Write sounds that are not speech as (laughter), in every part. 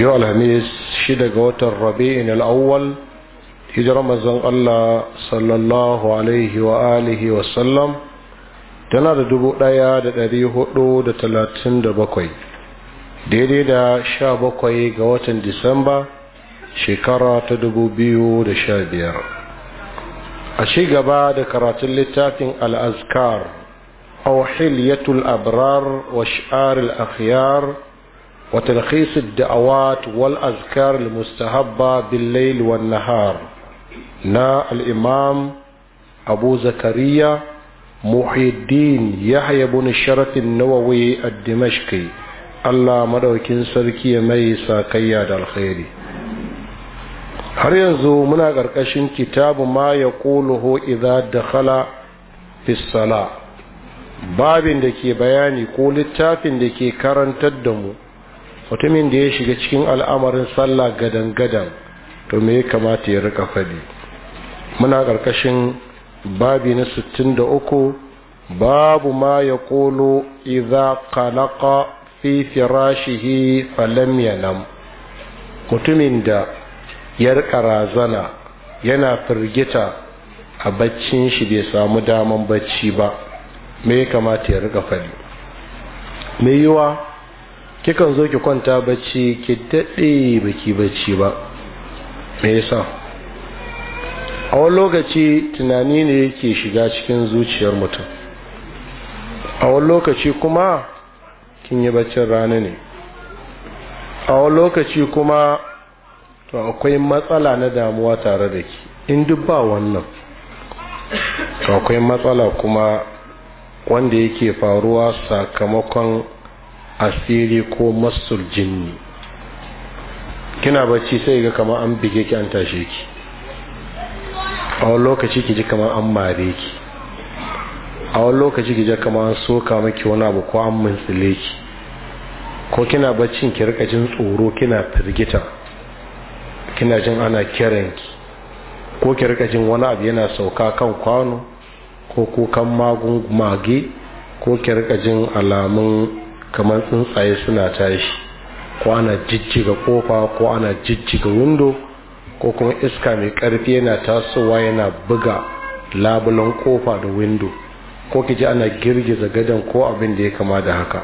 yau alhamis shida ga watan rabi'in al'awwal hijirar mazan Allah sallallahu alaihi wa alihi wa sallam tana da dubu ɗaya da ɗari hudu da talatin da bakwai daidai da sha bakwai ga watan disamba shekara ta dubu biyu da sha biyar a ci gaba da karatun littafin al'azkar أو abrar wa وشعار الأخيار وتلخيص الدعوات والأذكار المستحبة بالليل والنهار نا الإمام أبو زكريا محي الدين يحيى بن الشرف النووي الدمشقي Allah madaukin sarki mai sakayya da alkhairi har yanzu muna ƙarƙashin kitabu ma ya ƙuluhu idza dakhala fi sala babin da ke bayani ko littafin da ke karantar da mu mutumin da ya shiga cikin al'amarin sallah gadan-gadan to me ya kamata ya rika faɗi muna ƙarƙashin babi na uku babu ma ya ƙolo iza kalaka fi firashihi falam yanam mutumin da ya rika razana yana firgita a baccin shi bai samu daman bacci ba me ya kamata ya rika faɗi me yiwa kikan zo ki kwanta bacci ki daɗe baki bacci ba me yasa a wani lokaci tunani ne yake shiga cikin zuciyar mutum a wani lokaci kuma kin yi baccin rana ne a wani lokaci kuma to akwai matsala na damuwa tare da ki in duk ba wannan to akwai matsala kuma wanda yake faruwa sakamakon asiri ko masul jinni kina bacci sai ga kamar an bige ki an tashe ki a wani lokaci ki ji kamar an mare ki a wani lokaci ki ji kamar an soka maki wani abu ko an mintsile ki ko kina baccin ki rika jin tsoro kina firgita kina jin ana kiran ki ko ki rika jin wani abu yana sauka kan kwano ko kukan magun mage ko ki rika jin alamun kamar tsuntsaye suna tashi ko ana jijjiga kofa ko ana jijjiga windo ko kuma iska mai karfi yana tasowa yana buga labulan kofa da windo ko ki ana girgiza gadon ko abin da ya kama da haka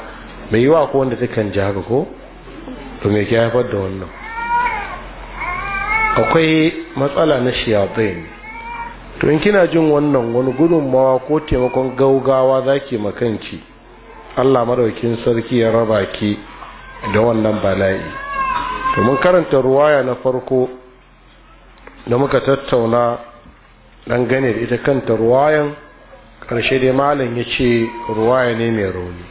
mai yiwa ko wanda takan ji haka ko to me ke haifar da wannan akwai matsala na shayatin to in kina jin wannan wani gudunmawa ko taimakon gaugawa zaki makanki Allah madaukin sarki ya raba ki da wannan bala'i to mun karanta ruwaya na farko da muka tattauna dan da ita kanta ruwayan karshe dai malam ya ce ruwaya ne mai rauni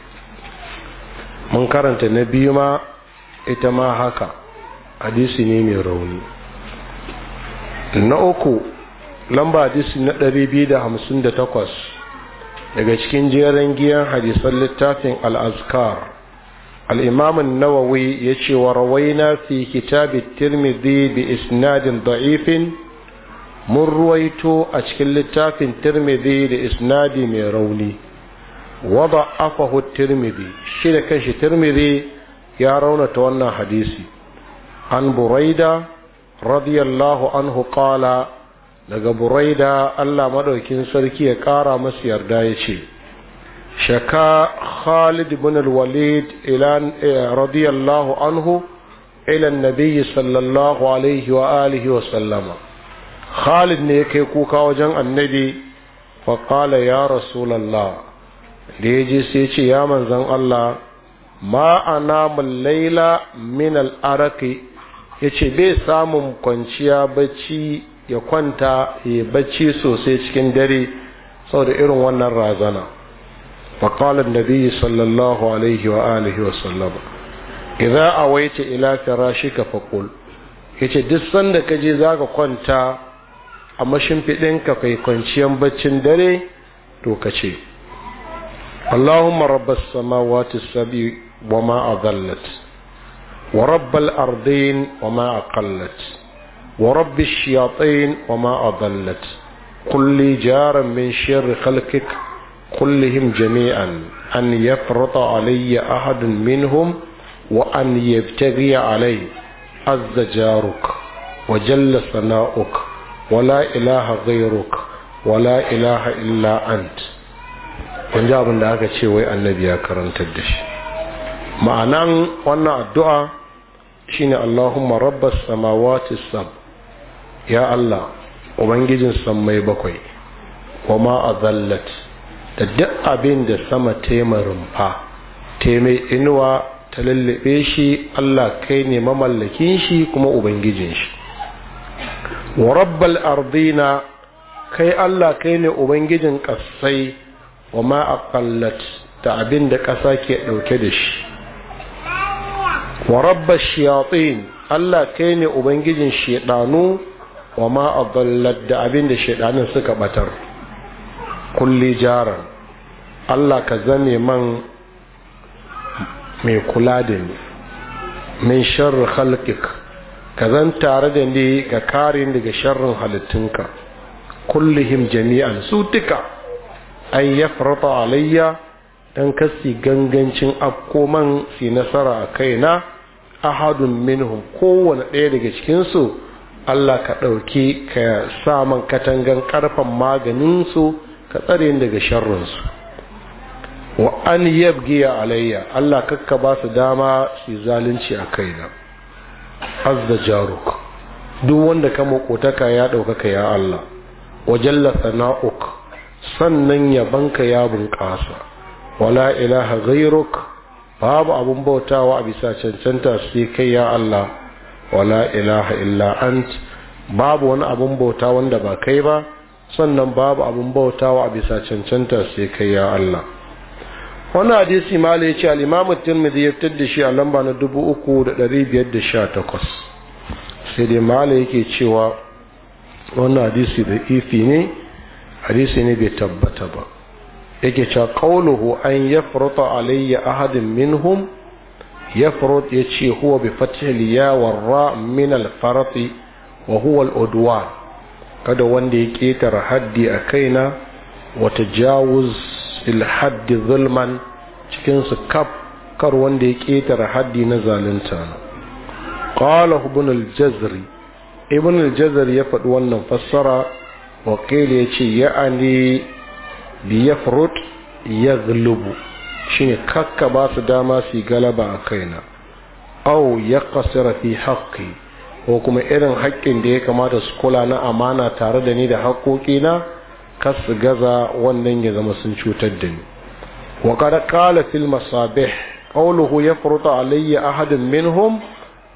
mun karanta na biyu ma ita ma haka hadisi ne mai rauni na uku lamba hadisi na 258 daga cikin jeran giyan hadisan littafin al'azkar al'imamun nawawi ya ce wa rawaina fi kitabin tirmidhi bi isnadin da'ifin mun ruwaito a cikin littafin tirmidhi da isnadi mai rauni wada afahu shida shi da kanshi tirmidhi ya raunata wannan hadisi an buraida radiyallahu anhu qala daga buraida Allah madaukin sarki ya ƙara masa yarda ya ce shaka Khalid ibn al-Walid ilan eh, radiyallahu anhu ila an-nabiy sallallahu alaihi wa alihi wa sallama Khalid ne kai kuka wajen annabi fa qala ya rasulullah da yaje sai ce ya manzon Allah ma anamu laila min al-araqi yace bai samun kwanciya bacci ya kwanta ya bacci sosai cikin dare saboda irin wannan razana فقال النبي صلى الله عليه وآله وسلم إذا أويت إلى فراشك فقل yace duk sanda ka je zaka kwanta a mashimfiɗinka kai kwanciyan baccin dare to ka ce Allahumma rabbas samawati sabi wa ma adallat wa rabbal ardin wa ma ورب الشياطين وما أضلت قل لي جارا من شر خلقك كلهم جميعا أن يفرط علي أحد منهم وأن يبتغي علي عز جارك وجل ثناؤك ولا إله غيرك ولا إله إلا أنت kun ji abin da aka ce wai annabi ya الدعاء da اللهم رب السماوات السبع ya Allah ubangijin mai bakwai wa ma azallat da duk abin da sama tema rumfa teme inuwa ta lallabe shi Allah kai ne mamallakin shi kuma ubangijin shi wa rabbal ardina kai Allah kai ne ubangijin kasai wa ma aqallat da abin da ƙasa ke ɗauke da shi wa rabbal shiyatin Allah kai ne ubangijin ɗanu. wa ma abin da abin da shaidanin suka batar kulli jaran Allah ka zane man mai kula da ni min sharri khalqik ka zan tare da ni ga kare daga sharrin halittunka kullihim jami'an su duka an yafrata alayya dan kasi gangancin afkoman si nasara a kaina ahadun minhum kowane ɗaya daga cikinsu Allah ka ɗauki ka sa man katangan ƙarfan maganinsu ka tsare daga sharrinsu wa an yabgiya alayya Allah kakka ba su dama su zalunci a kaina azza jaruk duk wanda ka makotaka ya ɗaukaka ya Allah wa jalla sana'uk sannan banka ya bunƙasa wala ilaha gairuk babu abun bautawa a bisa cancanta sai kai ya Allah wala ilaha illa ant babu wani abin bauta wanda ba kai ba sannan babu abin bauta wa bisa cancanta sai kai ya Allah wani hadisi mala ya ce al'imamu tirmidhi ya fitar da shi a lamba na 3,518 sai dai mala yake cewa wannan hadisi da ifi ne hadisi ne bai tabbata ba yake cewa qawluhu an ya alayya ahadin minhum يفرط يتشي huwa بفتح الياء والراء من الفرط وهو الأدوان kada wanda ya ƙetare haddi a kaina wata jawuz ilhaddi zulman cikinsu kaf kar wanda ya ƙetare haddi na zalunta qala ibn al ibn al ya faɗi wannan fassara wa ya ce ya'ani bi yafrut yazlubu shine kakka ba su dama su galaba a kaina au ya kasara fi haƙƙi ko kuma irin haƙƙin da ya kamata su kula na amana tare da ni da haƙƙoƙina kas su gaza wannan ya zama sun cutar da ni wa kada kala fil masabih qawluhu yafrutu alayya ahadun minhum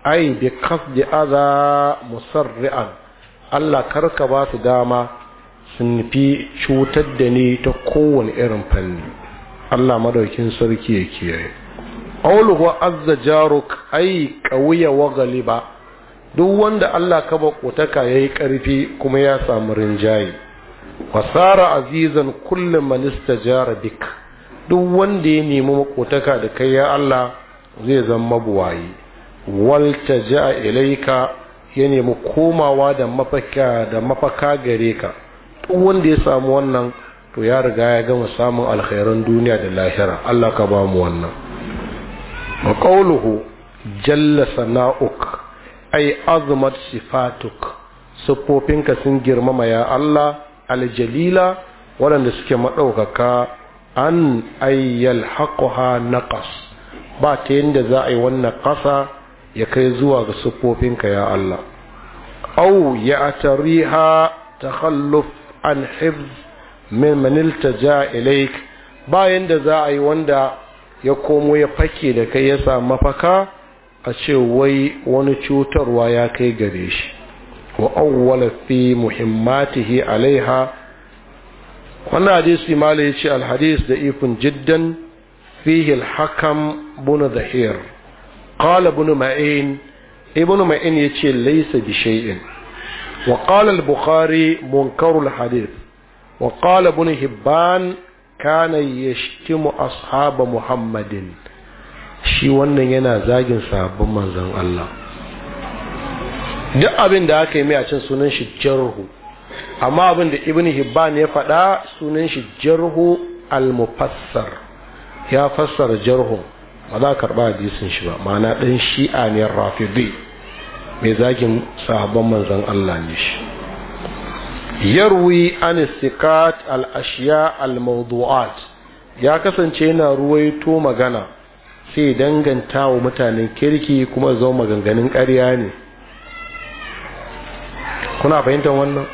ay bi qasdi adha musarri'an Allah karka ba su dama sun fi cutar da ni ta kowane irin fanni Allah madaukin sarki ya kiyaye qawluhu azza jaruk ay qawiya wa ghaliba duk wanda Allah ka kotaka yayi karfi kuma ya samu rinjaye wasara azizan kullu man istajara bik duk wanda ya nemi makotaka da kai ya Allah zai zama buwayi wal taja ilaika ya nemi komawa da mafaka da mafaka gare ka duk wanda ya samu wannan to ya riga ya gama samun alkhairan duniya da lahira Allah ka ba mu wannan wa jalla sana'uk ay azmat sifatuk siffofinka sun girmama ya Allah aljalila waɗanda suke maɗaukaka an ayyal haƙuha naqas ba ta yadda za a yi wannan ƙasa ya kai zuwa ga siffofinka ya Allah au ya atariha ta an hifz min manilta ja ilaik bayan da za a yi wanda ya komo ya fake da kai ya samu mafaka a ce wai wani cutarwa ya kai gare shi wa awwala fi muhimmatihi alaiha wannan hadisi malai ce alhadis da ifin jiddan fihi alhakam bunu zahir qala bunu ma'in ibn ma'in yace laysa bi shay'in wa qala al-bukhari munkarul hadith وقال ابن ibn كان يشتم yashtimu محمد muhammadin shi wannan yana zagin sabon manzon Allah duk abin da aka yi mai a cin sunan shi jarhu amma abin da ibn hibban ya faɗa sunan shi jarhu al-mufassar ya fassara jarhu ba za a karɓa hadisin shi ba ma'ana ɗan shi'a ne rafidi mai zagin sahabban manzon Allah ne shi yarwi an sikat al-ashiya al-mawdu'at ya kasance yana ruwaito magana sai danganta wa mutanen kirki kuma zo maganganun ƙarya ne kuna fahimtar wannan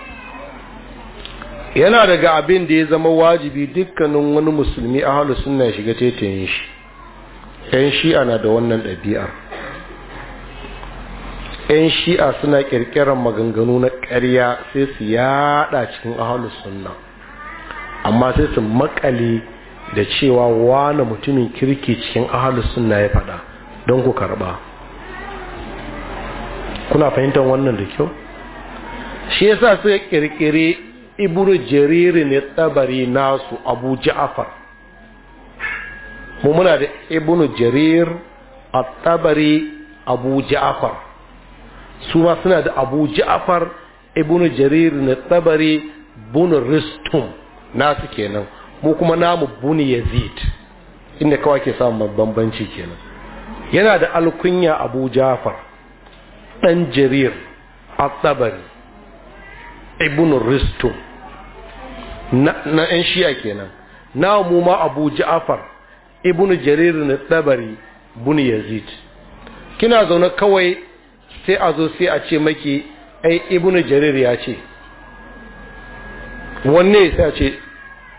yana daga abin da ya zama wajibi dukkanin wani musulmi a halin suna shiga tetayen shi 'yan shi'a na da wannan ɗabi'ar 'yan shi'a suna ƙirƙirar maganganu na ƙarya sai su yada cikin ahalus sunna amma sai su makale da cewa wani mutumin kirki cikin ahalus sunna ya faɗa don ku karɓa kuna fahimtar wannan da kyau shi yasa suka ƙirƙiri iburu jariri ne tsabari nasu abu ja'afar mu muna da ibnu jarir a tabari abu ja'afar su ma suna da abu ja'far ibnu jarir na tabari bun ristum nasu kenan mu kuma namu bun yazid inda kawai ke samun bambanci kenan yana da alkunya abu ja'far dan jarir at-tabari ibnu ristum na yan shi'a kenan namu mu ma abu ja'far ibnu jarir na tabari bun yazid kina zaune kawai sai a zo sai a ce maki ai ibnu jarir ya ce wanne sai a ce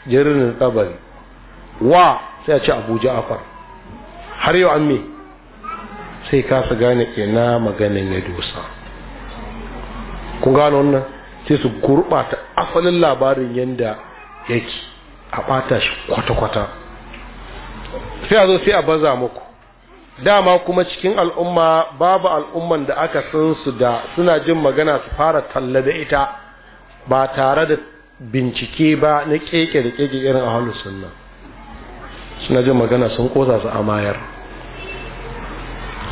jarir ne tsabari wa sai a ce abu ja'far har yau an me sai kasa gane ina maganin ya dosa ku gano wannan sai su gurɓata asalin labarin yadda yake a ɓata shi kwata-kwata sai a zo sai a baza muku dama kuma cikin al'umma babu al'umman da aka san su da suna jin magana su fara talla da ita ba tare da bincike ba na keke da keke irin ahalus sunna suna jin magana sun kosa su amayar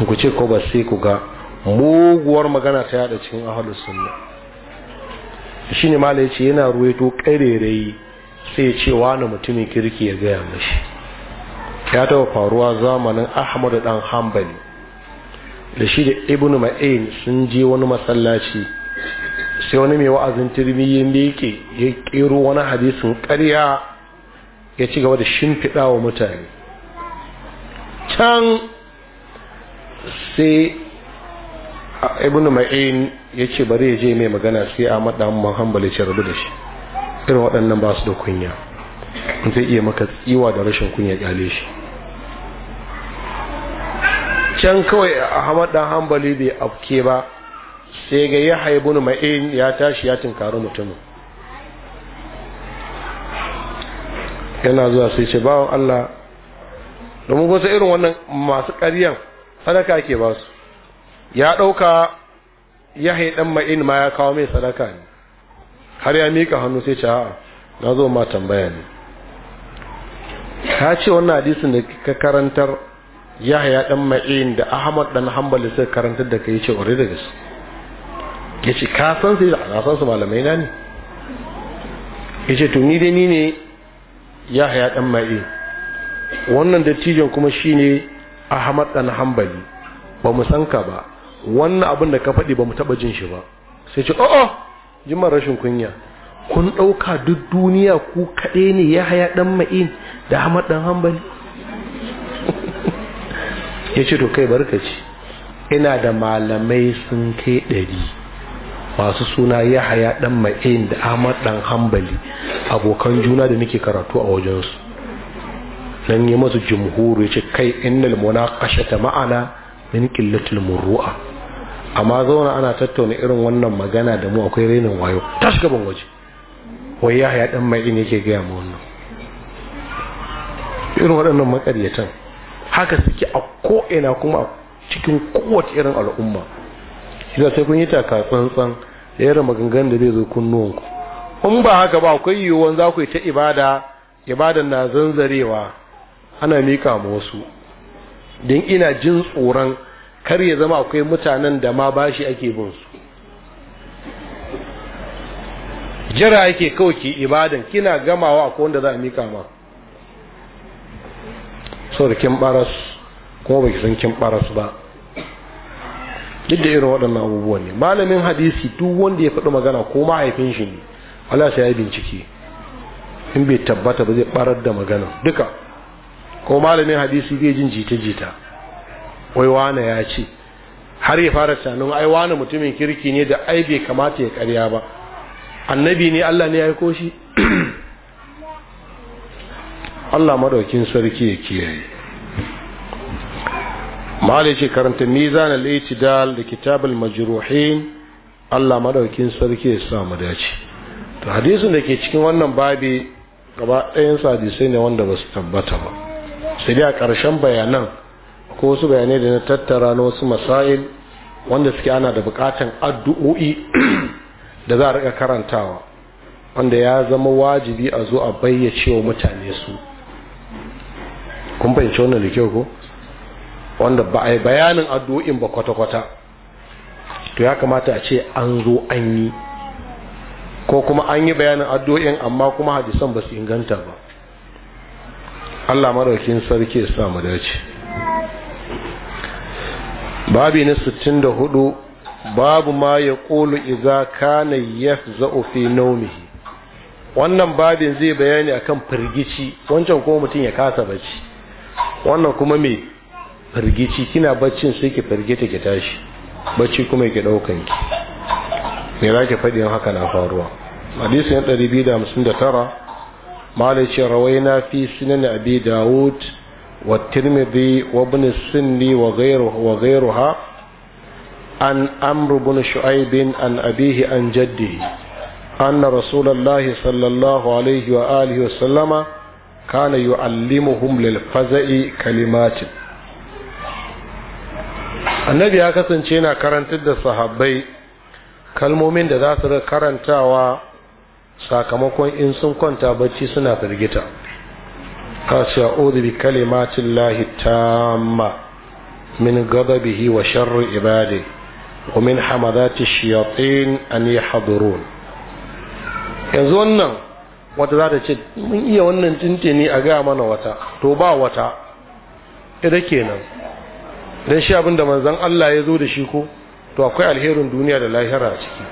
ku ce ko ba sai ku ga muguwar magana ta yada cikin ahlus sunna shine malai ce yana ruwaito kairere sai ya ce wani mutumin kirki ya gaya mashi ya taɓa faruwa zamanin ahmadu dan hambali da shi da ibn ma'in sun je wani masallaci sai wani mai wa'azin tirmiyya miƙe ya ƙero wani hadisin ƙarya ya ci gaba da shimfiɗa wa mutane can sai ibn ma'in ya ce bari ya je mai magana sai a maɗa muhammad ya ce rabu da shi irin waɗannan ba su da kunya zai iya maka tsiwa da rashin kunya kyale shi can kawai ahmad dan hambali bai afke ba sai ga ya haibu ma'in ya tashi ya tunkari mutumin yana zuwa sai ce bawan allah domin kusa irin wannan masu ƙaryan sadaka ke ba su ya ɗauka ya haiɗan ma'in ma ya kawo mai sadaka ne har ya miƙa hannu sai ce a'a na zo ma tambaya ne ka ce wannan hadisin da ka karantar Yahaya dan ma'in da ahmad dan hanbal sai karantar da kai yace ore da gaske yace ka san sai da san su malamai na ne yace to ni dai ni ne Yahaya dan ma'in wannan dattijon kuma shine ahmad dan hanbal ba mu san ka ba wannan abin da ka faɗi ba mu taɓa jin shi ba sai ce o'o oh, oh, jimar rashin kunya kun ɗauka duk duniya ku kaɗai ne Yahaya haya ɗan ma'in da Ahmad ɗan hambali ya ce to kai barkaci ina da malamai sun kai ɗari masu suna yahaya ɗan ma'in da ahmad ɗan hambali abokan juna da nake karatu a wajensu nan yi masu jimhuru ya ce kai innal ta ma'ana min killatul murru'a amma zauna ana tattauna irin wannan magana da mu akwai rainin wayo tashi gaban waje wai yahaya ɗan ma'in yake gaya ma wannan irin waɗannan makaryatan haka suke a ko'ina kuma cikin kowace irin al'umma shi sai kun yi taka tsantsan da yara magangan da zai zo kunnuwanku in ba haka ba akwai yiwuwan za ku yi ta ibada ibadan na zanzarewa ana mika ma wasu don ina jin tsoron kar ya zama akwai mutanen da ma bashi ake bin su jira ake kawai ki ibadan kina gamawa akwai wanda za a mika ma so kin baras kuma ba san kin baras ba duk da irin waɗannan abubuwan ne malamin hadisi duk wanda ya faɗi magana ko mahaifin shi ne Allah sai ya bincike in bai tabbata ba zai barar da magana duka ko malamin hadisi zai jin jita-jita wai wane ya ce har ya fara tunanin ai wane mutumin kirki ne da ai bai kamata ya karya ba annabi ne Allah ne ya yi koshi? (clears throat) Allah madaukin sarki ya kiyaye malai ce karanta mizan al-itidal da kitab al-majruhin Allah madaukin sarki ya sa mu dace to hadisin da ke cikin wannan babi gaba ɗayan hadisi ne wanda ba su tabbata ba sai dai a ƙarshen bayanan ko wasu bayanai da na tattara na wasu masail wanda suke ana da bukatan addu'o'i (clears throat) da za a rika karantawa wanda ya zama wajibi a zo a bayyace wa mutane su kun fahimci wannan da kyau ko wanda ba a yi bayanin addu'o'in ba kwata-kwata to ya kamata a ce an zo an yi ko kuma an yi bayanin addu'o'in amma kuma hadisan ba su inganta ba Allah maraukin sarki ya sa mu dace babi na 64 babu ma ya ƙulu iza kana yafza'u fi naumihi wannan babin zai bayani akan firgici wancan ko mutum ya kasa bacci wannan kuma mai firgici kina baccin sai ki firgita ki tashi bacci kuma ki daukan ki me za ki faɗi haka na faruwa hadisi na 259 malai ce rawaina fi sunan abi dawud wa tirmidhi wa ibn sunni wa ghayruhu wa ghayruha an amr ibn shu'aib an abihi an jaddihi anna rasulullahi sallallahu alaihi wa alihi wa sallama kana yu'allimuhum lil faza'i kalimatin annabi ya kasance yana karantar da sahabbai kalmomin da za su karantawa sakamakon in sun kwanta bacci suna firgita ka ce a'udhu bi kalimatin lahi tamma min ghadabihi wa sharri ibadi wa min hamadati shayatin an yahdurun yanzu wannan wata za ta ce mun iya wannan tintini a gaya mana wata to ba wata ita kenan don shi abinda manzan Allah ya zo da shi ko to akwai alherin duniya da lahira a ciki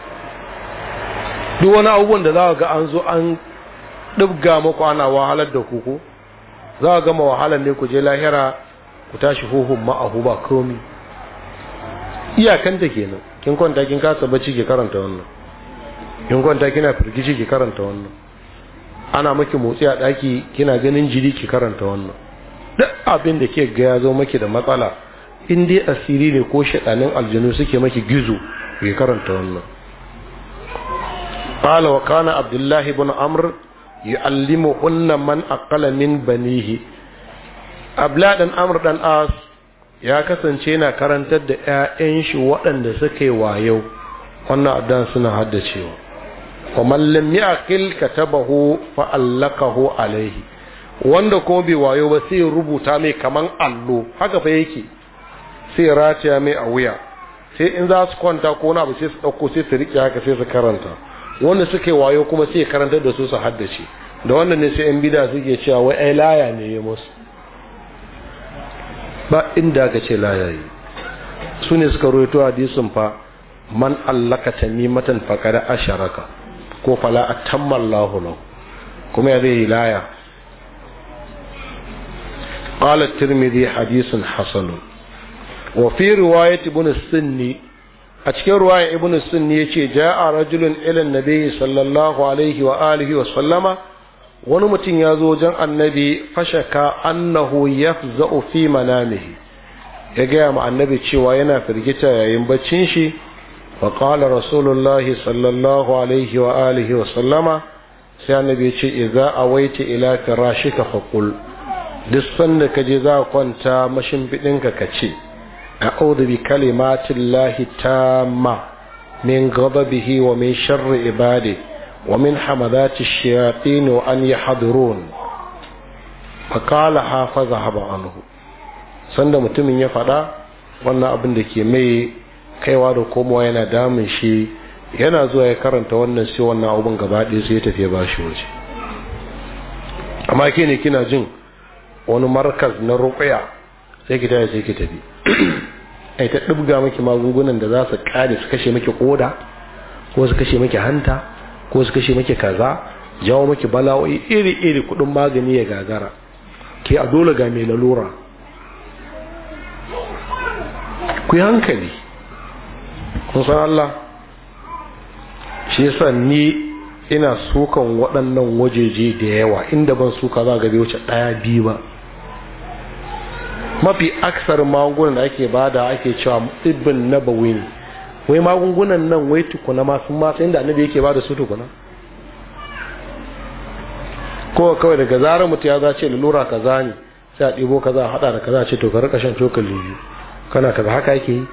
duk wani abubuwan da za ga an zo an ɗibga maku ana wahalar da kuku za a gama wahalar ne ku je lahira ku tashi hohun ma'ahu ba komi iyakanta kenan kin kwanta kin kasa bacci ke karanta wannan kin kwanta kina firgici ke karanta wannan ana maki motsi a ɗaki kina ganin jiri ki karanta wannan duk abin da ke ga ya zo maki da matsala in dai asiri ne ko shaɗanin aljanu suke maki gizo ki karanta wannan qala wa kana abdullahi ibn amr yu'allimuhunna man aqala min banihi abladan dan amr dan as ya kasance na karantar da 'ya'yan shi waɗanda suka yi wayo wannan addan suna haddacewa wa mallam ya akil katabahu fa allakahu alaihi wanda kuma bai wayo ba sai rubuta mai kaman allo haka fa yake sai rataya mai a wuya sai in za su kwanta ko na ba sai su ɗauko sai su riƙe haka sai su karanta wanda suke wayo kuma sai karanta da su su haddace da wannan ne sai yan bida suke cewa wai ai laya ne ya musu ba inda ka ce laya yi su ne suka roito hadisin fa man allaka tamimatan faqada asharaka ko fala a lahu kuma ya zai laya qala tirmidhi hadisun hasanu wa fi riwayati ibn sunni a cikin ruwaya ibn sunni yace jaa rajulun ila nabi sallallahu alaihi wa alihi wa sallama wani mutum ya zo wajen annabi fashaka annahu yafza'u fi manamihi ya gaya ma annabi cewa yana firgita yayin baccin shi فقال رسول الله صلى الله عليه وآله وسلم سيانا بيشي إذا أويت إلى فراشك فقل دسن كجزا كنت مشن بدنك كتشي أعوذ بكلمات الله التامة من غضبه ومن شر عباده ومن حمدات الشياطين وأن يحضرون فقال حافظها عنه sanda mutumin ya faɗa wannan abin da ke mai kaiwa da komowa yana damun shi yana zuwa ya karanta wannan sai wannan abin gaba ɗaya sai ya tafi ba shi waje amma ke ne kina jin wani markaz na rukuya sai ki tafi sai ki tafi ai ta ɗibga miki magungunan da za su kare su kashe miki ƙoda ko su kashe miki hanta ko su kashe miki kaza jawo miki bala'o'i iri-iri kuɗin magani ya gagara ke a dole ga mai lalura ku yi hankali kun san Allah shi yasa ni ina sukan waɗannan wajeje da yawa inda ban suka za ga wuce ɗaya biyu ba mafi aksar magungunan da ake bada ake cewa ibn nabawi ne wai magungunan nan wai tukuna ma sun inda annabi yake bada su tukuna ko kawai daga zarar mutum ya za ce lalura kaza ne sai a ɗibo kaza a haɗa da kaza ce to ka rika shan cokali biyu kana kaza haka yake yi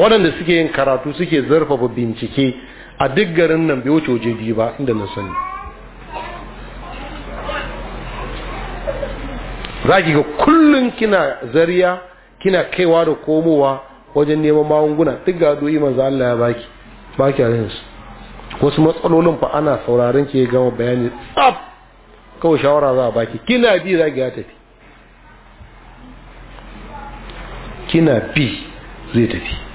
waɗanda suke yin karatu suke zarfafa bincike a duk garin nan bai wuce waje biyu ba inda na sani za ki ga kullum kina zariya kina kaiwa da komowa wajen neman magunguna duk ga doyi manzo Allah ya baki baki a yanzu. wasu matsalolin fa ana sauraron ki gama bayani tsaf kawai shawara za a baki kina bi za ki ya tafi kina bi zai tafi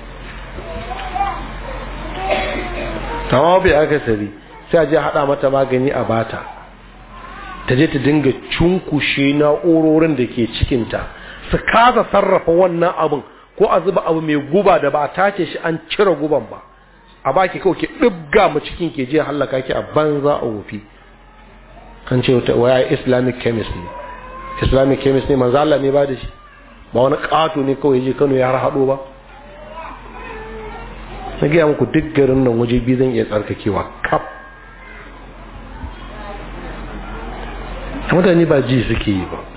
tawa aka akasari sai a je haɗa mata magani a bata ta je ta dinga cunkushe na'urorin da ke cikinta su kasa sarrafa wannan abin ko a zuba abu mai guba da ba a tace shi an cire guban ba a baki kawai ke ɗibga mu cikin ke je hallaka ki a banza a wofi kan ce wata waya islamic chemist ne islamic chemist ne manzala ne ba da shi ba wani ƙato ne kawai je Kano ya har haɗo ba na gaya muku duk garin nan waje biyu zan iya tsarkakewa kap mutane ba ji suke yi ba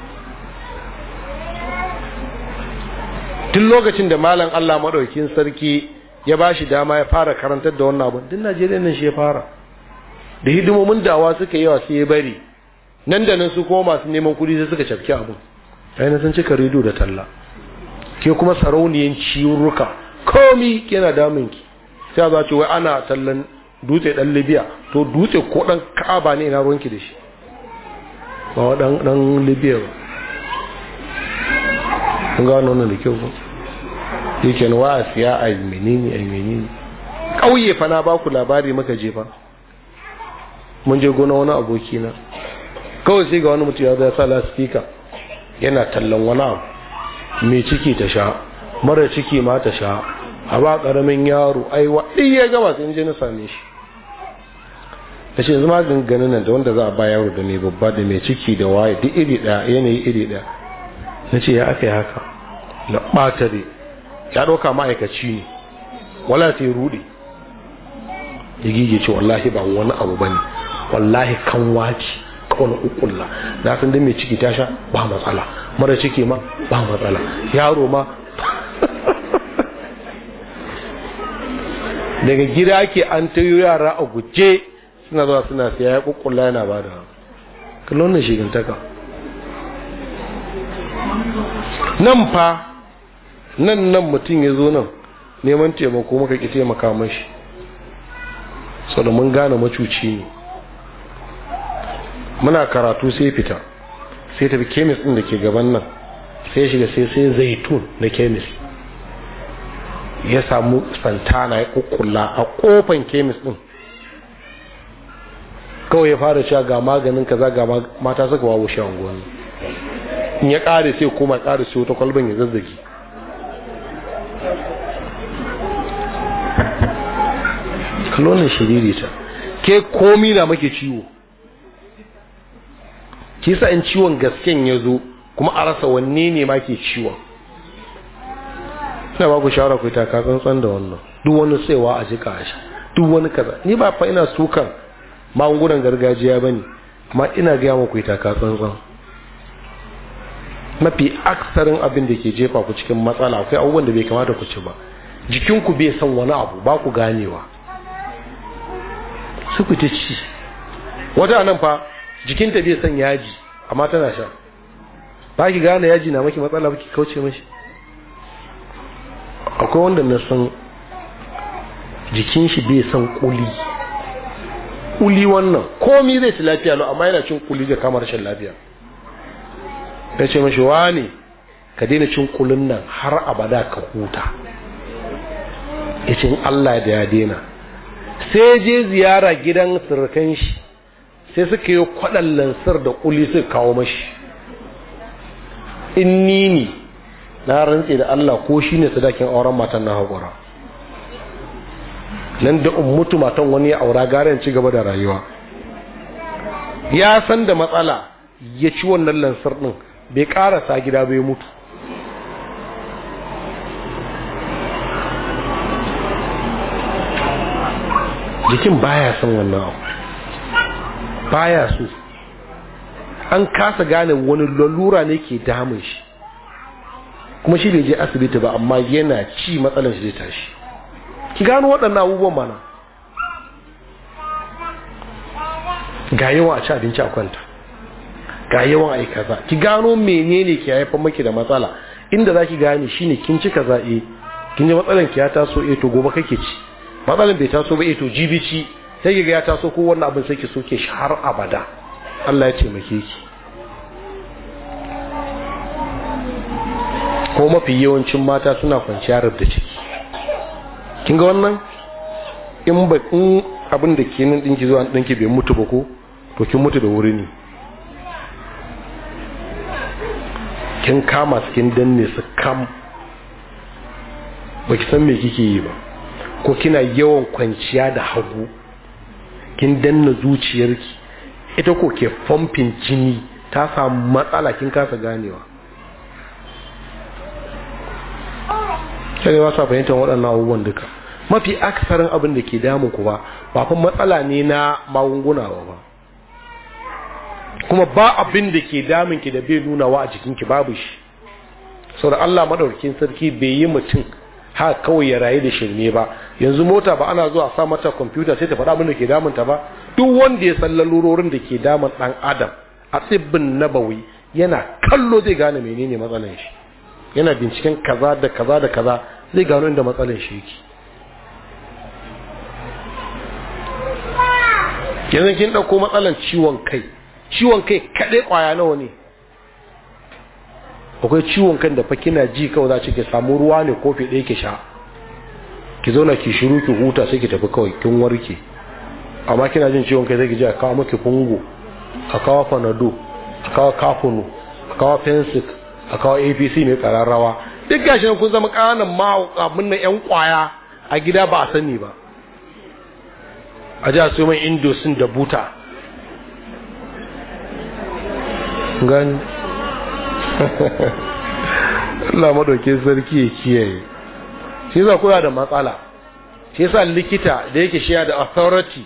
Tun lokacin da malam Allah maɗaukin sarki ya ba shi dama ya fara karantar da wannan abin duk Najeriya nan shi ya fara da hidimomin dawa suka yawa sai ya bari nan da nan su kuma masu neman kuɗi sai suka cafke abin ainihin sun cika rido da talla ke kuma sarauniyan ciwurruka komi yana damunki sai a za ce wai ana tallan dutse dan libya to dutse ko dan ka'aba ne na ruwanki da shi ba wa dan libya ba kun gano wannan da kyau yake wa a siya a menene a menene ƙauye fa na baku labari maka je fa mun je gona wani aboki na kawai sai ga wani mutum ya zai sa lasifika yana tallan wani abu mai ciki ta sha mara ciki ma ta sha a ba karamin yaro ai wa ya gaba sai je na same shi da shi zama ganganin nan da wanda za a ba yaro da mai babba da mai ciki da waye duk iri ɗaya yanayi iri ɗaya na ce ya aka yi haka na ɓata dai ya ɗauka ma'aikaci ne wala sai ruɗe ya gige ce wallahi ba wani abu bane ne wallahi kan waki kawai ukulla na san da mai ciki ta sha ba matsala mara ciki ma ba matsala yaro ma daga gida ake an tayo yara a guje suna zuwa suna siya ya kukkula yana ba da kallon shigantaka nan fa nan nan mutum ya zo nan neman taimako maka ki taimaka mashi sau mun gane macuci ne muna karatu sai fita sai tafi kemis ɗin da ke gaban nan sai shiga sai sai zaitun na kemis ya samu santana ya kukula a kofan kemis din kawai ya fara cewa ga maganin kaza ga mata suka wawo shi unguwanni in ya kare sai kuma kare sai wata kwalban ya zazzage kalonin shiriri ta ke komi na make ciwo kisa in ciwon gasken ya zo kuma a rasa wanne ne ma ke ciwon sai ba ku shawara ku taka tsantsan da wannan duk wani tsayawa a jika shi duk wani kaza ni ba fa ina sukan magungunan gargajiya bane amma ina ga muku taka tsantsan mafi aksarin abin da ke jefa ku cikin matsala akwai abubuwan da bai kamata ku ci ba jikinku bai san wani abu ba ku ganewa su ku ta ci wata nan fa jikinta bai san yaji amma tana sha ba ki gane yaji na maki matsala ba ki kauce mashi akwai wanda na san jikin shi bai san kuli kuli wannan komi zai ci lafiya lo amma yana cin kuli zai kama rashin lafiya ya ce mashi ne ka daina cin kulin nan har abada ka huta ya ce Allah da ya daina sai je ziyara gidan surukan shi sai suka yi kwaɗan lansar da kuli suka kawo mashi in ni na rantse da Allah ko shine sadakin auren matan na haƙura nan da mutu matan wani ya aura garen ci gaba da rayuwa ya san da matsala ya ci wannan lansar ɗin bai sa gida bai mutu jikin baya son wannan abu baya so an kasa gane wani lalura ne ke damun shi kuma shi bai je asibiti ba amma yana ci matsalar shi zai tashi ki gano waɗannan abubuwan mana ga yawan a ci abinci a kwanta ga yawan a yi kaza ki gano menene ki haifar maki da matsala inda za ki gane ne kin ci kaza eh, kin ji matsalar ki ya taso e to gobe kake ci matsalan bai taso ba e to jibi ci sai ki ga ya taso ko wannan abin sai ki soke shi har abada Allah ya taimake ki ko mafi yawancin mata suna kwanciya da ciki kin ga wannan in ba in abin da ke nan dinki zuwa dinki bai mutu ba ko to kin mutu da wuri ne kin kama su kin danne su kam ba ki san me kike yi ba ko kina yawan kwanciya da hagu kin danna zuciyarki ita ko ke fomfin jini ta samu matsala kin kasa ganewa sai ba sa fahimtar waɗannan abubuwan duka mafi aksarin abin da ke damu ku ba ba fa matsala ne na magunguna ba kuma ba abin da ke damun ki da bai nuna wa a jikin ki babu shi sau da Allah maɗaukin sarki bai yi mutum ha kawai ya rayu da shirme ba yanzu mota ba ana zuwa sa mata kwamfuta sai ta faɗa abin da ke damunta ba duk wanda ya san lalurorin da ke damun ɗan adam a tsibbin nabawi yana kallo zai gane menene matsalan shi yana binciken kaza da kaza da kaza zai gano inda matsalar shi yake yanzu kin ɗauko matsalar ciwon kai ciwon kai kaɗai ƙwaya nawa ne akwai ciwon kan da fa kina ji kawai za ki samu ruwa ne kofi ɗaya ki sha ki zauna ki shiru ki huta sai ki tafi kawai kin warke amma kina jin ciwon kai sai ki ji a kawo miki fungo a kawo fanado a kawo kafunu a kawo fensik a kawo apc mai kararrawa duk gashi kun zama ƙananan abin nan yan kwaya a gida ba a sani ba a ji a siyo mai indosin da buta gani (laughs) Allah madauke sarki ya kiyaye shi yasa kuna da matsala shi yasa likita da yake shiya da authority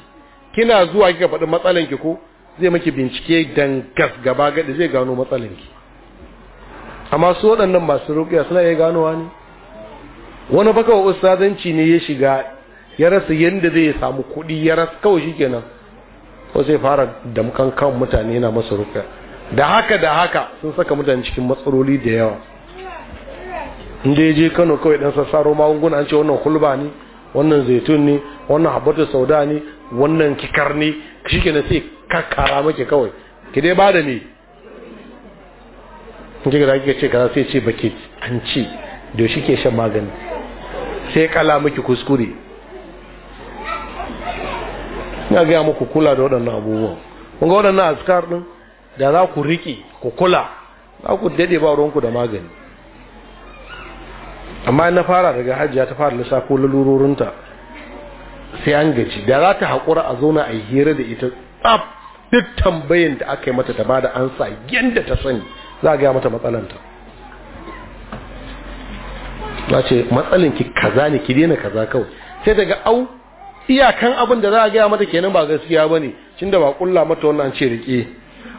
kina zuwa kika faɗi matsalanki ko zai maki bincike dan dangas gaba da zai gano matsalanki amma su waɗannan masu ruƙiya suna iya ganowa ne wani baka kawai ustazanci ne ya shiga ya rasa yadda zai samu kuɗi ya rasa kawai shi kenan ko sai fara damkan kan mutane yana masu ruƙiya da haka da haka sun saka mutane cikin matsaloli da yawa inda ya je kano kawai dan sassaro magunguna an ce wannan hulba ne wannan zaitun ne wannan habbatu sauda ne wannan kikar ne shi kenan sai kakkara maki kawai ki dai ba da ne ji da kika ce kaza sai ce baki an ci da shi ke shan magani sai kala miki kuskure na gaya muku kula da waɗannan abubuwan kun ga waɗannan askar ɗin da za ku riƙe ku kula za ku daɗe ba ruwanku da magani amma na fara daga hajiya ta fara ko lalurorinta sai an gaji da za ta haƙura a zauna a hira da ita tsaf duk tambayin da aka yi mata ta bada ansa yadda ta sani za a gaya mata matsalanta za ce matsalinki kaza ne ki daina kaza kawai sai daga au iyakan abin da za a gaya mata kenan ba gaskiya ba ne cin da ba kulla mata wannan ce rike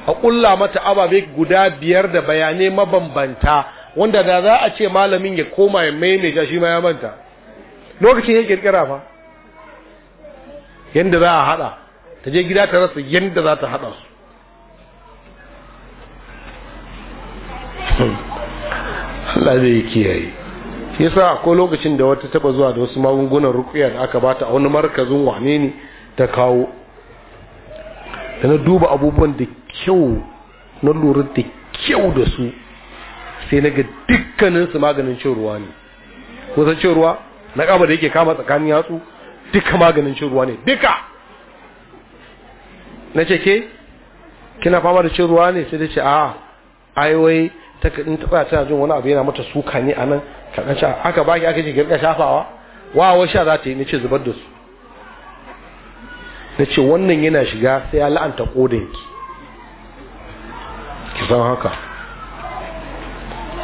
a kulla mata ababe guda biyar da bayanai mabambanta wanda da za a ce malamin ya koma ya maimaita shi ma ya manta lokacin ya kirkira fa yadda za a hada ta je gida ta rasa yadda za ta hada su Allah zai kiyaye yasa akwai lokacin da wata taba zuwa da wasu magungunan rukuya da aka bata a wani markazin wane ne ta kawo da na duba abubuwan da kyau na lura da kyau da su sai na ga dukkanin su maganin cin ruwa ne ko san cin ruwa na kaba da yake kama tsakanin yatsu duka maganin cin ruwa ne duka na ce ke kina fama da cin ruwa ne sai ta ce a ai wai ta in ta tana jin wani abu yana mata suka ne a nan kaɗan. aka baki aka ce girka shafawa Wa wa sha za ta yi nace zubar da su nace wannan yana shiga sai ya la'anta kodanki ki san haka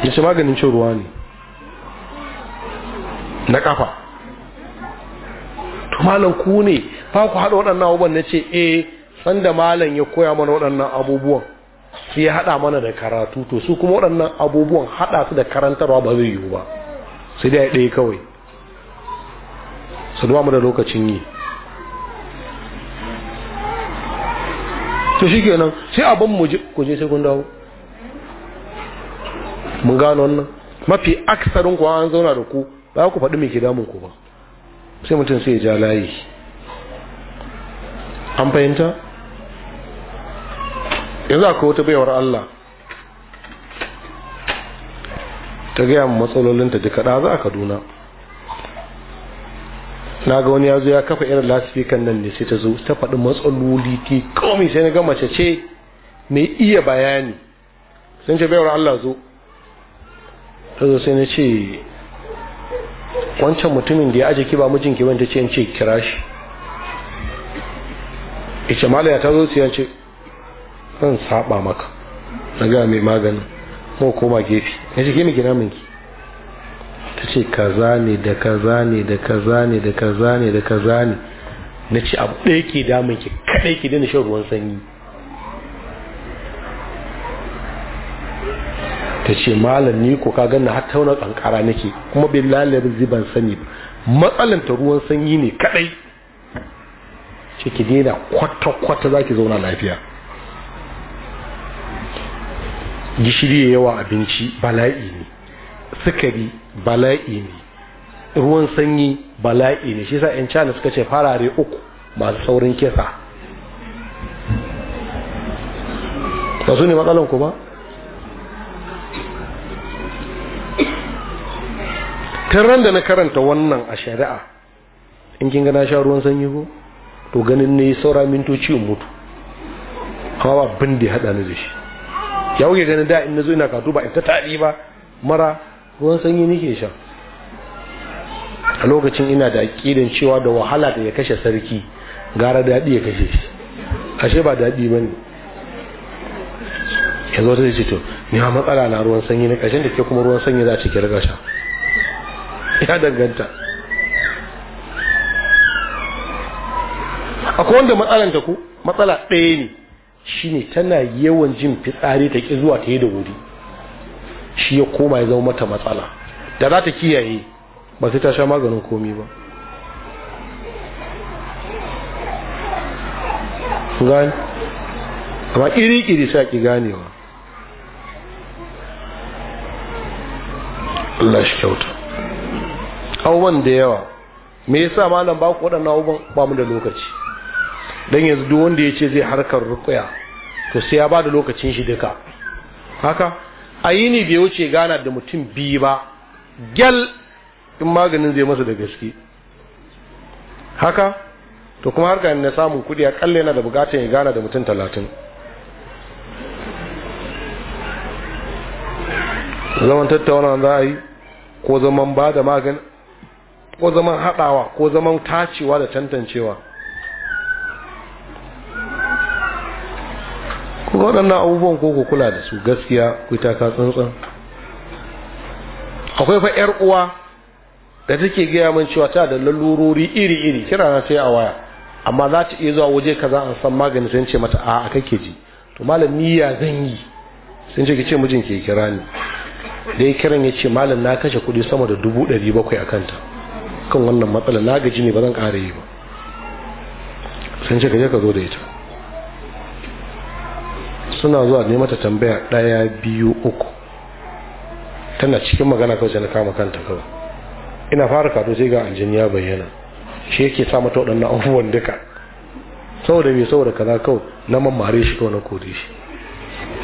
nace maganin cin ruwa ne na kafa to malam ku ne fa ku haɗa waɗannan abubuwan nace eh sanda malam ya koya mana waɗannan abubuwan sai ya haɗa mana da karatu to su kuma waɗannan abubuwan haɗa su da karantarwa ba zai yiwu ba sai dai ɗaya kawai su mu da lokacin yi to shi kenan sai abin mu je sai kun dawo mun gano wannan mafi aksarin kuwa an zauna da ku ba ku faɗi mai ke damun ku ba sai mutum sai ya ja layi an fahimta yanzu akwai wata baiwar Allah ta gaya mu matsalolinta duka za a kaduna na ga wani ya zo ya kafa irin lasifikan nan ne sai ta zo ta faɗi matsaloli ti komi sai na ga mace ce mai iya bayani sun ce baiwar Allah zo ta zo sai na ce wancan mutumin da ya aje ki ba mijinki wani ta ce in ce kira shi ita malaya ta zo sai ya ce zan saba maka na ga mai maganin mu koma gefe na ce gina gina minki ta ce kaza ne da kaza ne da kaza ne da kaza ne da kaza ne na ce abu ɗaya ke damun ki kaɗai ki dina shan ruwan sanyi ta ce malam ni ko ka ganna har tauna kankara nake kuma bin lalabin ziban sani ba matsalin ta ruwan sanyi ne kaɗai ce ki daina kwata-kwata za ki zauna lafiya gishiri ya yawa abinci bala'i ne sukari bala'i ne ruwan sanyi bala'i ne shi sa 'yan china suka ce farare uku masu saurin kisa ba su ne matsalan ku ba ran da na karanta wannan a shari'a in kin gana sha ruwan sanyi ko to ganin ne saura mintoci mutu hawa bin da ya haɗa ni da shi ya kuke ganin da in na zo ina katu ba in ta tadi ba mara ruwan sanyi nake sha a lokacin ina da aƙidan cewa da wahala da ya kashe sarki gara daɗi ya kashe shi ashe ba daɗi ba ne ya zo ta ce to ni ha matsala na ruwan sanyi na kashin da ke kuma ruwan sanyi za a ci kirga sha ya danganta akwai wanda matsalanta ku matsala ɗaya ne shine tana yawan jin fitsari ta ki zuwa ta yi da wuri shi ya koma ya zama mata matsala da za ta kiyaye ba sai ta sha maganin komi ba gani amma iri-iri sa ki ganewa Allah shi kyauta abubuwan da yawa me yasa malam ba ku waɗannan abubuwan ba mu da lokaci Dan yanzu duk wanda ya ce zai harkar rukuya to sai ya ba da lokacin shi duka haka a yini bai wuce gana da mutum biyu ba gyal in maganin zai masa da gaske haka to kuma harka na samun kudi a kalle yana da bukatun ya gana da mutum talatin zaman tattauna za a yi ko zaman ba da magani ko zaman haɗawa ko zaman tacewa da tantancewa ku waɗannan abubuwan ko ku kula da su gaskiya ku ta ka tsantsan akwai fa yar uwa da take gaya min cewa ta da lalurori iri iri kira na sai a waya amma za ta iya zuwa waje kaza an san magani sai ce mata a'a kake ji to malam ni ya zan yi sun ce ce mijin ke kira ni dai kiran ya ce malam na kashe kuɗi sama da dubu ɗari bakwai a kanta kan wannan matsala na gaji ne ba zan ƙara yi ba sun ce ka ka zo da ita suna zuwa ne mata tambaya ɗaya biyu uku tana cikin magana kawai sai na kama kanta kawai ina fara kato sai ga aljin ya bayyana shi yake sa mata waɗannan abubuwan duka saboda bai saboda kaza kawai na mamare shi kawai na kore shi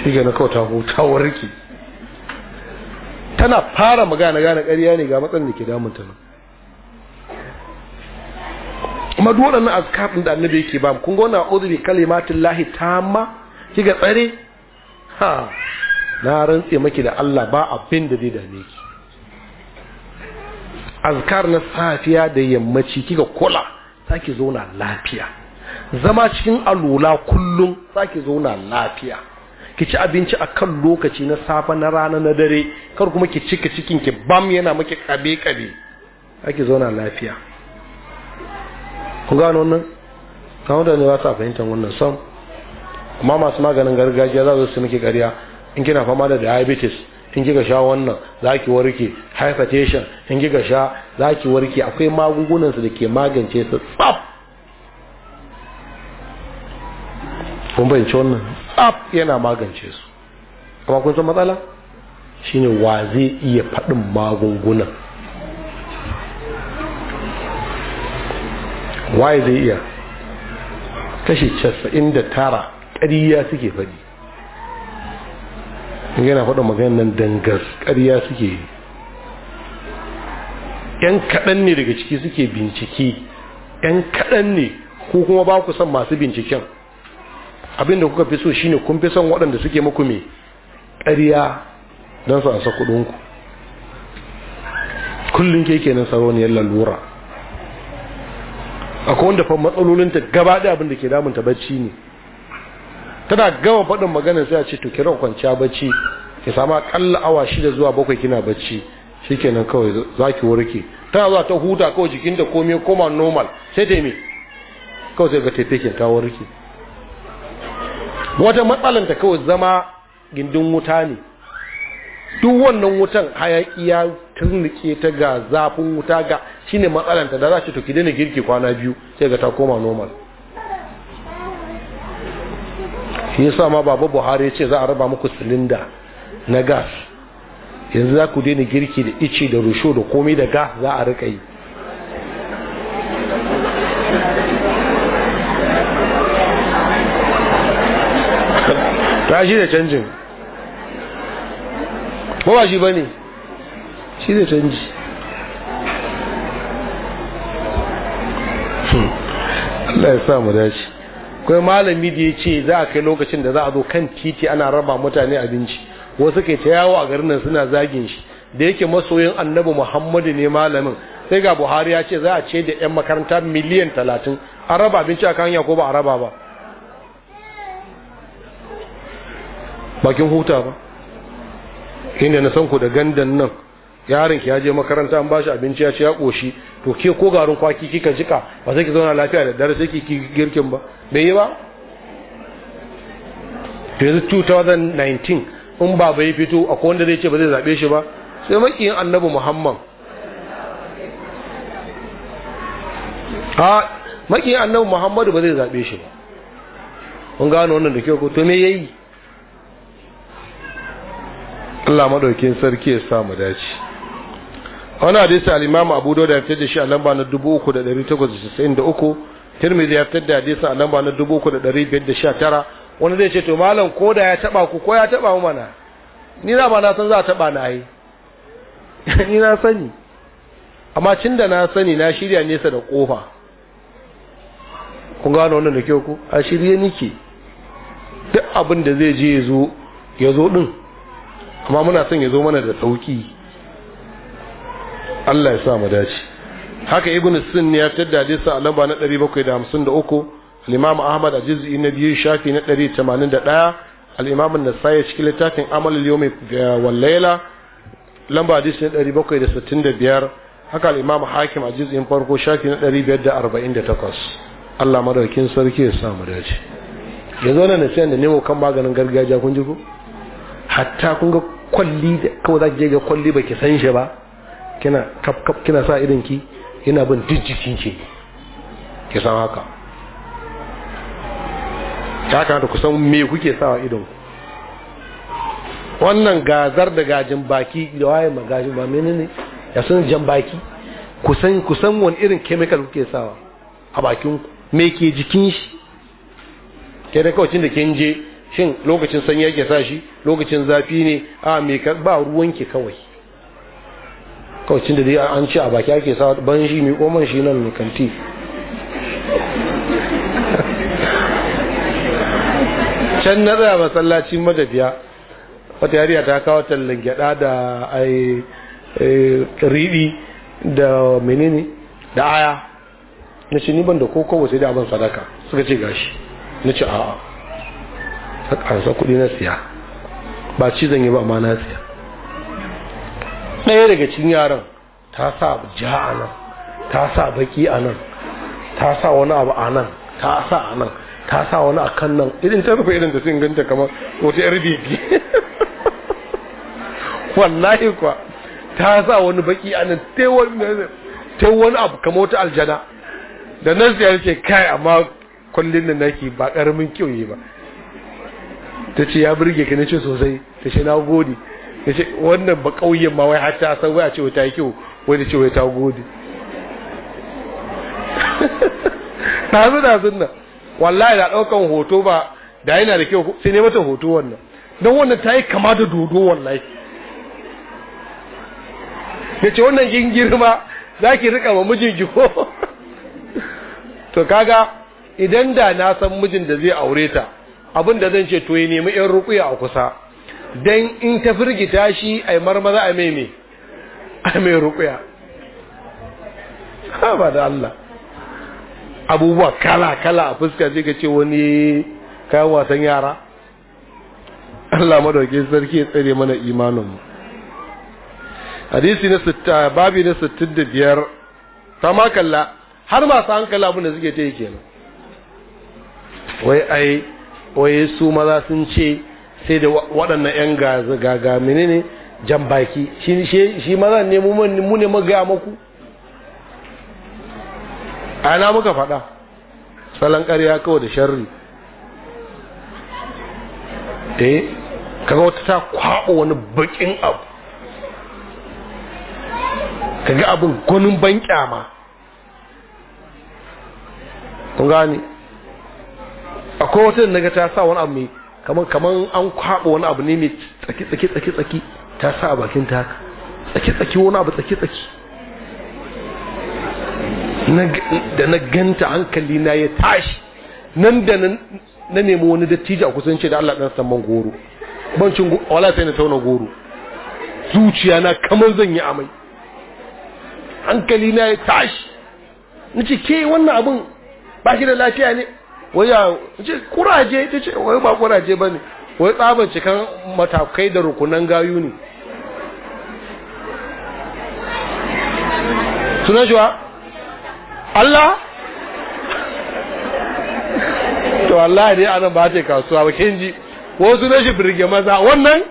shi ga na kawai ta huta warki tana fara magana gane ƙarya ne ga matsan da ke damun ta nan kuma duk waɗannan da annabi yake ba kun ga wannan ta lahi ta tamma kika tsare ha na rantse maki da Allah ba abin da zai dame ki azkar na safiya da yammaci kika kula zaki zauna lafiya zama cikin alula kullum zaki zauna lafiya ki ci abinci a kan lokaci na safe na rana na dare kar kuma ki cika cikin ki bam yana maki kabe kabe zaki zauna lafiya ku gano wannan kawo da ne ba ta fahimtar wannan sam amma masu maganin gargajiya za su miki ƙarya in kina fama da diabetes in kika sha wannan za ki warke hypertension in kika sha za ki warke akwai magungunansu da ke magance su tsaf kun bayyance wannan tsaf yana magance su amma kun san matsala shine wa zai iya faɗin magungunan waye zai iya kashi 99 ƙariya suke faɗi in yana faɗin maganin nan dangas ƙariya suke yi yan kaɗan ne daga ciki suke bincike yan kaɗan ne ko kuma ba ku son masu binciken abinda kuka fi so shine kun fi son waɗanda suke muku mai ƙariya don su ansa kuɗinku kullum ke kenan saroniyar lalura akwai wanda fa matsalolinta gaba da abinda ke damunta bacci ne tana gama faɗin magana sai a ce to ki ran kwanciya bacci ki samu akalla awa shida zuwa bakwai kina bacci shikenan kawai za ki warke tana zuwa ta huta kawai jikinta komai koma normal sai ta me kawai sai ga tefekin ta warke wata matsalanta kawai zama gindin wuta ne duk wannan wutan hayaki ya turnike ta ga zafin wuta ga shine matsalanta da za ta to ki daina girki kwana biyu sai ga ta koma normal shi yasa ma babu buhari ce za a raba muku silinda na gas yanzu za ku daina girki da ice da rusho da komai da gas za a rika yi ta shi da canjin ba ba shi ba ne shi da canji hmm. Allah ya sa mu dace kai malami da ya ce za a kai lokacin da za a zo kan titi ana raba mutane abinci wasu kai ta yawo a garin nan suna zagin shi da yake masoyin annabi muhammadu ne malamin sai ga buhari ya ce za a ce da 'yan makaranta miliyan talatin an raba abinci a kan hanya ko ba a raba ba bakin huta ba inda na san ku da gandan nan yaron ki ya je makaranta an bashi abinci ya ci ya koshi to ke ko garin kwaki kika jika ba sai ki zauna lafiya da dare sai ki girkin ba bai yi ba to yanzu 2019 in ba bai fito akwai wanda zai ce ba zai zabe shi ba sai makiyin annabi muhammad a makiyin annabi muhammadu ba zai zabe shi ba kun gano wannan da kyau ko to me yayi Allah madaukin sarki ya sa mu dace wani hadisi al-imam abu dawud ya fitar da shi a lamba na 3893 tirmidhi ya fitar da hadisi a lamba na 3519 wani zai ce to malam ko da ya taba ku ko ya taba mu mana ni na ba na san za a taba na yi ni na sani amma cin da na sani na shirya nesa da kofa kun gano wannan da kyau ku a shirye nike duk abin da zai je ya zo ya zo din amma muna son ya zo mana da sauki Allah ya sa mu dace haka ibnu sunni ya tadda hadisi a lamba na 753 al-imam ahmad a na biyu shafi na 181 al-imam an-nasai cikin littafin amal al-yawmi eh, wal layla lamba hadisi na 765 haka al-imam hakim a in farko shafi na 548 Allah madaukin sarki ya sa mu dace yanzu nan sai da nemo kan maganin gargajiya kun ji ko hatta kun ga kwalli kawai za ki je ga kwalli baki san shi ba kina kap kap kina sa idan ki yana bin duk jikin ki ki san haka ya kamata ku san me kuke sawa idon ku wannan gazar da gajin baki da waye magajin ba menene ya san jan baki ku san ku san wani irin chemical kuke sawa a bakin ku me ke jikin shi ke da kawacin da kin je shin lokacin sanyi yake sa shi lokacin zafi ne a me ba ruwan ki kawai kawacin da dai an ci a baki ake sa ban shi mai koman shi nan kanti can na tsaya masallacin matafiya wata yariya ta kawo tallan gyada da ai riɗi da menene da aya na ce ni ban da koko sai da abin sadaka suka ce gashi na ce a'a a kuɗi na siya ba cizon yi ba ma na siya ɗaya daga cikin yaran ta sa ja a nan ta sa baki a nan ta sa wani abu a nan ta sa a nan ta sa wani a kan nan irin ta rufe irin da sun ganta kamar wata yar bibi (laughs) wallahi kuwa ta sa wani baki a nan ta wani abu kamar wata aljana da nan sai ce kai amma kwallin da nake ba ƙaramin kyau ba ta ce ya burge ka na ce sosai ta ce na gode yace wannan ba kauyen ma wai har ta san wai a ce ta yi kyau wani ce wai ta gode dazu (laughs) da nan wallahi da daukan hoto ba da yana da kyau sai ne mata hoto wannan don wannan ta yi kama da dodo wallahi yace wannan kin girma zaki rika ma mijinki ko (laughs) to kaga idan da na san mijin da zai aure ta abin da zan ce to yi nemi yan rukuya a kusa don in ta firgita shi a marmaza a mai ne a mai rukuya ha ba da Allah abubuwa kala-kala a fuska zai ka ce wani kayan wasan yara Allah madauke sarki ya tsare mana imaninmu hadisi na sita babi na da biyar ta makalla har masu hankali abin da suke ta yi kenan wai ai wai su maza sun ce sai da waɗannan 'yan gaga mini ne jan baki shi zan ne mu ne magaya maku ana muka faɗa salon ƙarya kawai da sharri eh kaga wata ta kwaɓo wani bakin abu kaga abin gwanin ban kyama kun gane akwai wata daga ta sa wani abu mai kamar kamar an kwaba wani abu ne mai tsaki tsaki tsaki tsaki ta sa a bakin ta haka tsaki tsaki wani abu tsaki tsaki da na ganta hankali na ya tashi nan da nan na nemi wani dattijo a ce da Allah dan man goro bancin wala sai na tauna goro zuciya na kamar zan yi amai hankali na ya tashi nace ke wannan abun ba shi da lafiya ne Wai ya ce kuraje ta ce wai ba kuraje ba ne wai tsaban cikin matakai da rukunan gayu ne sunan shi wa Allah (laughs) to Allah ne anan ba ta kasuwa ba kin ji ko sunan shi birge maza wannan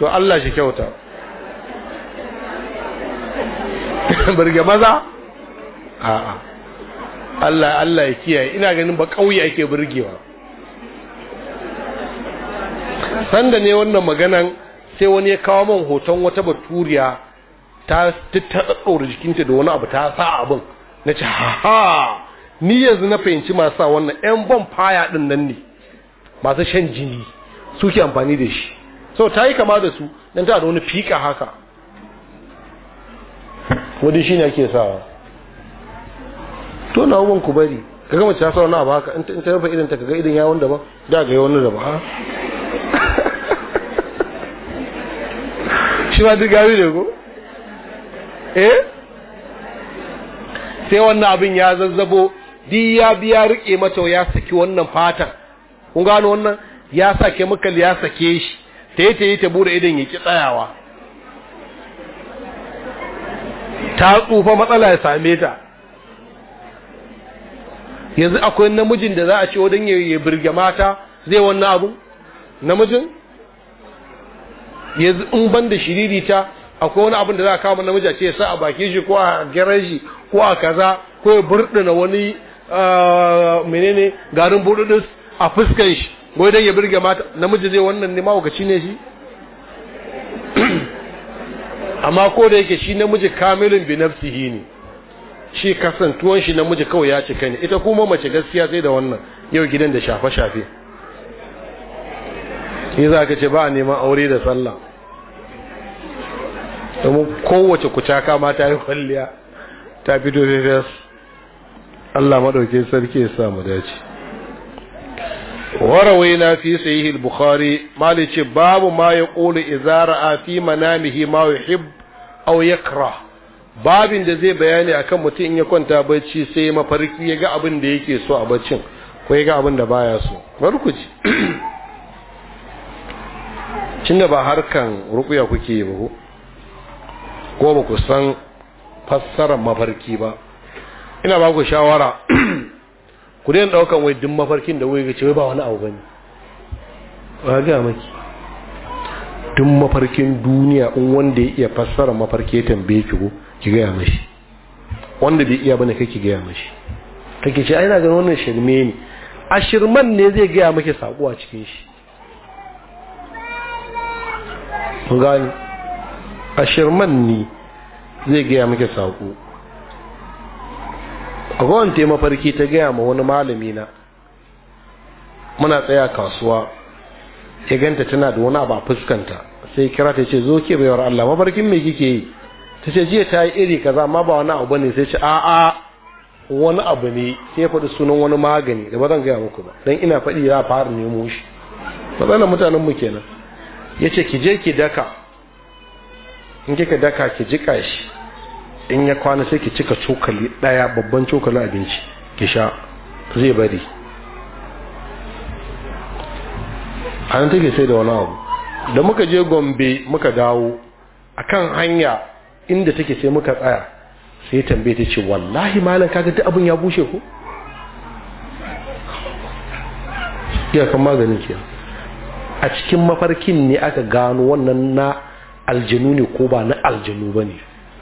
to Allah shi kyauta (laughs) birge maza a'a Allah Allah ya kiyaye ina ganin ba kauye ake burgewa sanda ne wannan maganan sai wani ya kawo min hoton wata baturiya ta tattaɗaɗɗaura jikinta da wani abu ta sa abin na ce ha ni yanzu na fahimci masu sa wannan yan ban faya ɗin nan ne masu shan jini suke amfani da shi so ta yi kama da su dan ta da wani fika haka wadda shi ne ake sawa to na uban ku bari kaga mace ta sauna ba haka in ta rufe idan ta kaga idan wanda daban da ga yawon daban (laughs) shi ma duk gawi ne ko eh sai wannan abin ya zazzabo di ya biya rike mata ya saki wannan fata kun gano wannan ya sa chemical ya sake shi ta yi ta yi ta bude idan ya ki tsayawa ta tsufa matsala ya same ta yanzu akwai namijin da za a ce wadanda ya birge mata zai wannan abu namijin yanzu in ban da ta akwai wani abin da za a kama namiji a ce sa a baki shi ko a geran shi ko a kaza ko ya burduna wani ah, menene garin burdudus a fuskan shi wai don ya birge mata namiji zai wannan ne mawukaci ne shi (clears throat) amma ko da yake shi namiji kamilin bi nafsihi ne shi kasantuwan shi namiji kawai ya cika ne ita kuma mace gaskiya sai da wannan yau gidan da shafe-shafe shi za ka ce ba a neman aure da sallah domin kowace kucaka ma ta yi kwalliya ta fito fefes Allah maɗauke sarki ya samu dace warawai na fi sayi bukhari malice babu ma ya ƙoli izara a fi manamihi ma ya hib au ya babin da zai bayani akan mutum in ya kwanta bacci sai mafarki ya ga abin da yake so a baccin ko ya ga abin da baya so barkuci ku (clears throat) cin da ba harkan rukuya kuke yi ba ko ba ku san fassarar mafarki ba ina ba ku shawara (clears throat) ku daina daukan wai duk mafarkin da wai ga cewa ba wani abu bane ba ga maki duk mafarkin duniya in wanda ya iya fassara mafarki ya tambaye ki ko ki gaya mashi wanda bai iya bane kai ki gaya mashi kake ce ai na ganin wannan shirme ne a shirman ne zai gaya maki sako a cikin shi kun gani a shirman ne zai gaya maki sako a kowane mafarki ta gaya ma wani malami na muna tsaya kasuwa ya ganta tana da wani abu a fuskanta sai kira ta ce zo ke baiwar Allah mafarkin me kike yi ta ce jiya ta yi iri kaza ma ba wani abu ne sai ce a'a wani abu ne sai ya faɗi sunan wani magani da ba zan gaya muku ba don ina faɗi ya fara nemo shi matsalar mutanen mu kenan ya ce ki je ki daka in kika daka ki jika shi in ya kwana sai ki cika cokali ɗaya babban cokali abinci ki sha zai bari a nan take sai da wani abu da muka je gombe muka dawo akan hanya inda take sai muka tsaya sai tambaye ta ce wallahi malam kaga duk abin ya bushe ko iyakan maganin ke a cikin mafarkin ne aka gano wannan na aljanu ne ko ba na aljanu ba ne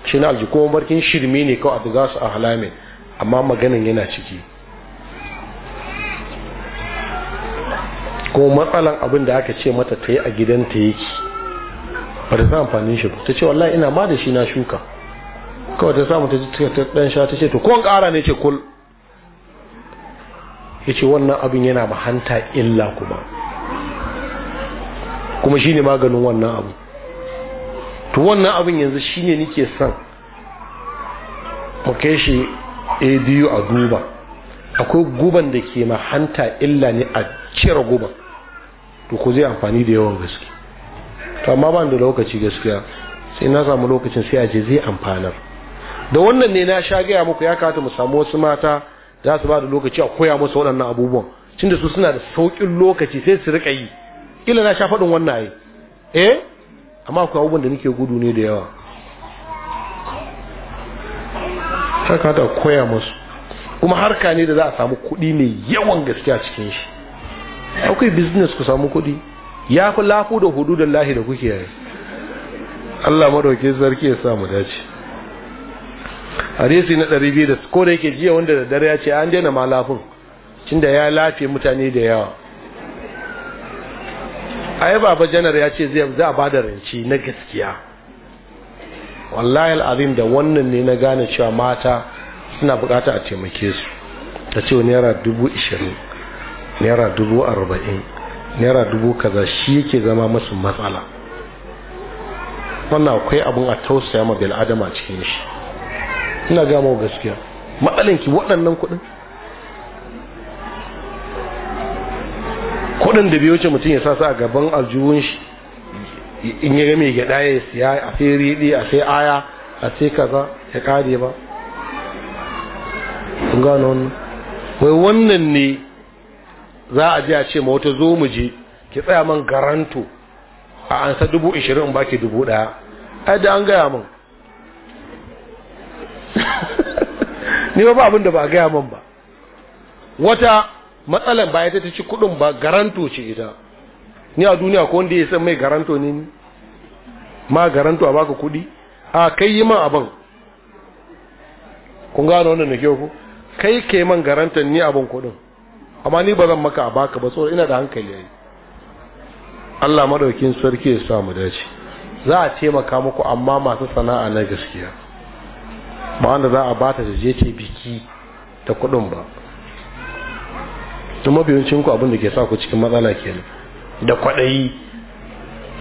shi na aljanu kuma mafarkin shirme ne kawai a za su a halamin amma maganin yana ciki ko matsalan abin da aka ce mata ta yi a gidanta yake ba ta san amfanin shi ta ce wallahi ina ma da shi na shuka kawai ta samu ta ta dan sha ta ce to kon ƙara ne ce kul yace wannan abin yana ma hanta illa kuma kuma shine maganin wannan abu to wannan abin yanzu shine nike son mu kai shi a biyu a duba akwai guban da ke ma hanta illa ne a cire guban to ku zai amfani da yawan gaske to amma ban da lokaci gaskiya sai na samu lokacin sai a je zai amfanar da wannan ne na sha gaya muku ya kata mu samu wasu mata za su ba da lokaci a koya musu waɗannan abubuwan cin da su suna da sauƙin lokaci sai su riƙa yi kila na sha faɗin wannan ai eh amma akwai abubuwan da nake gudu ne da yawa ta kata koya musu kuma harka ne da za a samu kuɗi mai yawan gaskiya cikin shi akwai business ku samu kuɗi ya fi lafu da hududun lahi da kuke yi Allah madauke sarki ya samu dace hadisi na 200 ko da yake jiya wanda da dare ya ce an daina malafin cinda ya lafi mutane da yawa ai baba janar ya ce zai za a da ranci na gaskiya wallahi alazim da wannan ne na gane cewa mata suna bukata a taimake su ta ce naira dubu ishirin naira dubu arba'in naira dubu kaza shi yake zama masu matsala wannan akwai abun a tausaya ma bil adama cikin shi ina ga mu gaskiya matsalan ki waɗannan kuɗin kuɗin da bai wuce mutum ya sasa a gaban aljuhun shi in ya ga mai gyaɗa ya siya a sai riɗi a sai aya a sai kaza ya kare ba kun gano wannan wai wannan ne za a je a ce mawata zo mu je ki tsaya man garanto a ansa dubu ishirin ba ki dubu ɗaya ai da an gaya man. (laughs) ni ba abin da ba a gaya man ba wata matsalan ba ya ta ci kuɗin ba garanto ce ita ni a duniya ko wanda ya san mai garanto ne ni ma garanto a baka kuɗi a kai yi man abin kun gano wannan da kyau ku kai ke man garanton ni abin kuɗin amma ni ba zan maka a baka ba tsoro ina da hankali yayi Allah madaukin sarki ya sa mu dace za a taimaka muku amma masu sana'a na gaskiya ba wanda za a bata da je ce biki ta kudin ba kuma mafiyancin ku abin da ke sa ku cikin matsala kenan da kwaɗayi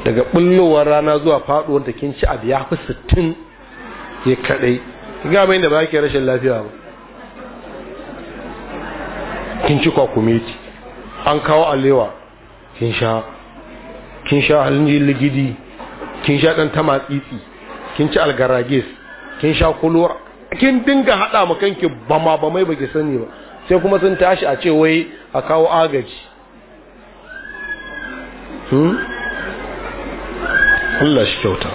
daga bullowar rana zuwa faɗuwar da kin ci abu ya fi sittin Ke kaɗai ga mai da ba ke rashin lafiya ba kin ci kwakumeti an kawo alewa kin sha kin sha halin ligidi kin sha dan tamatsitsi kin ci algarages kin sha kulwar kin dinga hada ma kanki bama bamai baki sani ba sai kuma sun tashi a ce wai a kawo agaji hmm Allah shi kyauta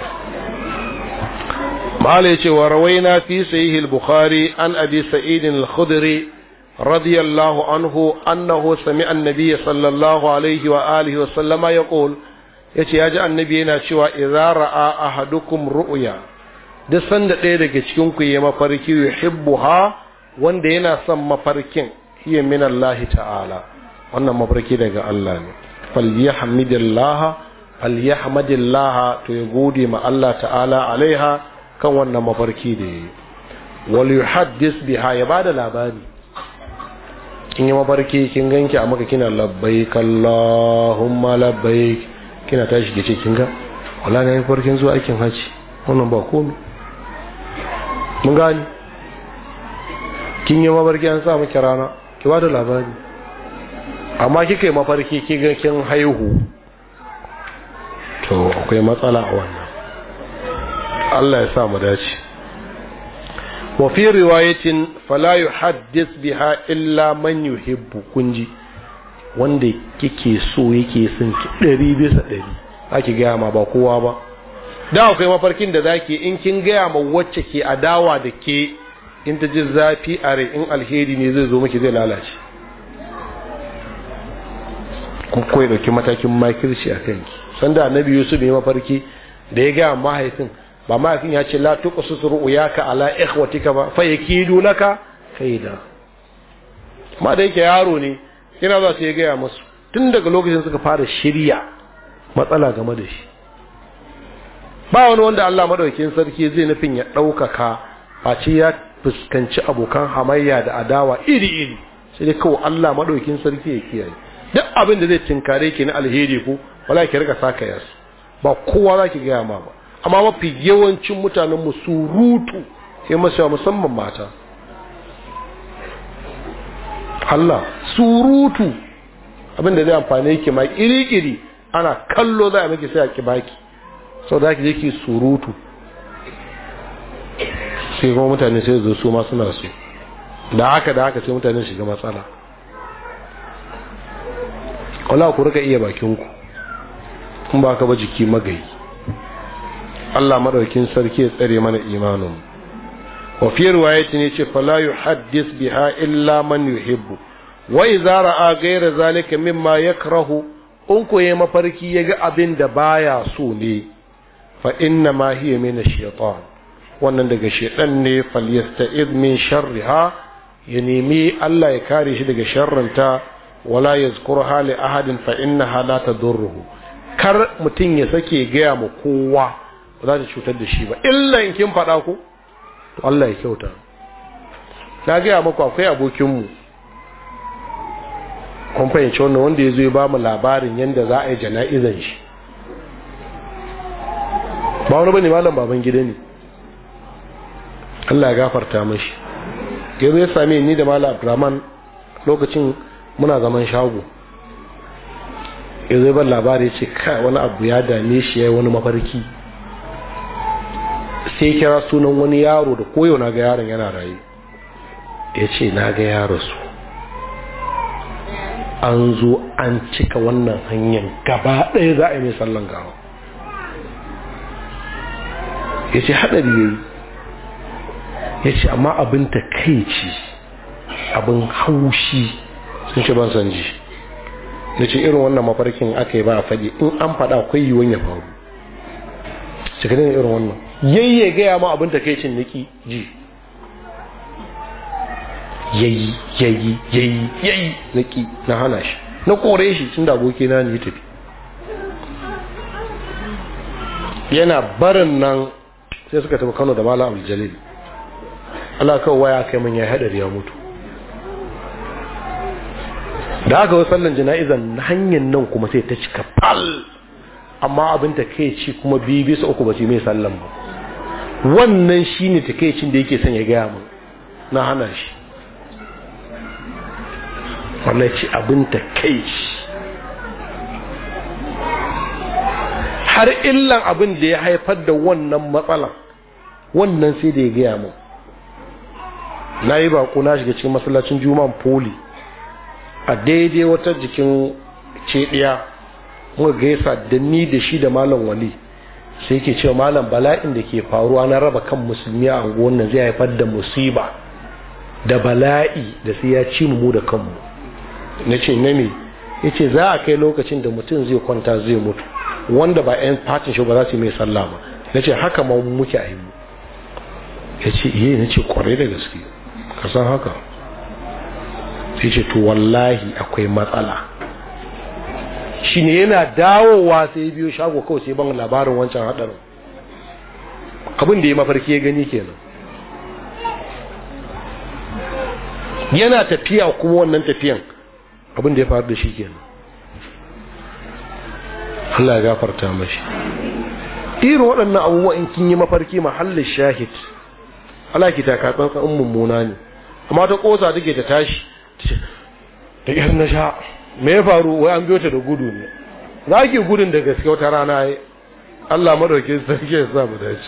ya ce wa rawaina fi sahih al-bukhari an abi sa'id al-khudri رضي الله عنه أنه سمع النبي صلى الله عليه وآله وسلم يقول yace ya ji annabi yana cewa idza a ahadukum ru'uya. duk sanda ɗaya daga cikin ku ya mafarki yuhibbuha wanda yana son mafarkin hiya min Allah ta'ala wannan mafarki daga Allah ne falyahmidillah falyahmadillah to ya gode ma Allah ta'ala alaiha kan wannan mafarki da yayi wal yuhaddis biha ya bada labari kin yi mafarki kin ganki a maka kina labbaik Allahumma labbai kina tashi ki ce kin ga wala na yi farkin zuwa aikin haji wannan ba komi mun gani kin yi mafarki an sa miki rana ki ba da labari amma kika yi mafarki ki ga kin haihu to akwai matsala a wannan Allah ya sa mu dace wa fi riwayatin fala yuhaddis biha illa man yuhibbu kunji wanda kike so yake son ɗari bisa ɗari ake gaya ma ba kowa ba da akwai mafarkin da zaki in kin gaya ma wacce ke adawa da ke in ta zafi a rai in alheri ne zai zo miki zai lalace kun koyi dauki matakin kirci a kanki sanda annabi yusuf ya mafarki da ya gaya mahaifin ba ma yakin ya ce la uya ka ala ikhwatika ba fa naka kaida ma da yake yaro ne yana za su ya gaya masu tun daga lokacin suka fara shirya matsala game da shi ba wani wanda Allah madaukakin sarki zai nufin ya ɗaukaka ce ya fuskanci abokan hamayya da adawa iri-iri sai dai kawai Allah madaukakin sarki ya kiyaye duk abin da zai tinkare ki na alheri ko wala ki riga saka yasu ba kowa zaki ki gaya ma ba amma mafi yawancin mutanen mu rutu sai masu musamman mata Allah surutu abinda zai amfani yake ma ana kallo za a miki sai a ki baki sau da yake su surutu sai kuma mutane sai zo su ma suna da haka da haka sai mutane shiga matsala wala ku rika iya bakinku kuma ba ka ba jiki magayi Allah madaukin sarki ya tsare mana imanin wa fi riwayati ne ce fala yuhaddis biha illa man yuhibbu wa idza ra'a ghayra zalika mimma yakrahu in ko yayi mafarki yaga abin da baya so ne fa inna ma hiya min ash-shaytan wannan daga shaytan ne falyasta'id min sharriha ya nemi Allah ya kare shi daga sharrinta wala yazkurha li ahadin fa innaha la tadurruhu kar mutum ya sake gaya ma kowa ba za ta cutar da shi ba in kin faɗa ko to Allah ya kyauta na gaya maku akwai abokinmu kun fahimci wannan wanda ya zo ya ba mu labarin yadda za a yi jana'izan shi ba wani bane malam baban gida ne Allah ya gafarta mashi yanzu ya same ni da malam abdurrahman lokacin muna zaman shago Ya zai ban labari ya ce kai wani abu ya dame shi ya yi wani mafarki sai kira sunan wani yaro da koyo na ga yaron yana raye ya ce na ga yaro su an zo an cika wannan hanyar gaba ɗaya za a yi mai sallan gawa ya ce haɗari ya yi ya ce amma abin ta kai ce abin haushi sun ce ban san ji da ce irin wannan mafarkin aka yi ba a faɗi in an faɗa akwai yiwuwan ya faru cikin irin wannan yayye gaya ma abin da kai cin niki ji yayi yayi yayi yayi niki na hana shi na kore shi tun da aboki na ne tafi yana barin nan sai suka tafi Kano da Malam Abdul Jalil Allah waya kai mun ya hadari ya mutu da aka wasu sallan jana'izan hanyar nan kuma sai ta cika fal amma abin ta kai ci kuma biyu su uku ba su mai sallan ba wannan shine cin da yake son ya gaya mun na hana shi wannan ce abin ta shi. har illan abin da ya haifar da wannan matsalan wannan sai da ya gaya mun na yi baku na shiga cikin masallacin juman poli a daidai wata jikin ɗaya muka gaisa da ni da shi da malam wali sai ke cewa malam bala'in da ke faruwa na raba kan musulmi a unguwan zai haifar da musiba da bala'i da sai ya ci mu da kanmu na ce na ya ce za a kai lokacin da mutum zai kwanta zai mutu wanda ba 'yan fatin shi ba za su mai sallah ba na ce haka ma muke a yi ya ce iya eh, na ce kwarai da gaske ka san haka sai ce to wallahi akwai matsala ne yana dawowa sai biyo shago kawai sai ban labarin wancan hadarin abin da ya mafarki ya gani kenan yana tafiya kuma wannan tafiyan abin da ya faru da shi kenan Allah ya gafarta mashi irin waɗannan abubuwa in kin yi mafarki mahallin shahid Allah ki taka tsantsan mummuna ne amma ta kosa take ta tashi ta yar na sha me ya faru wai an biyo ta da gudu ne za ki gudun da gaske wata rana ya Allah madauke sarki ya sa mu dace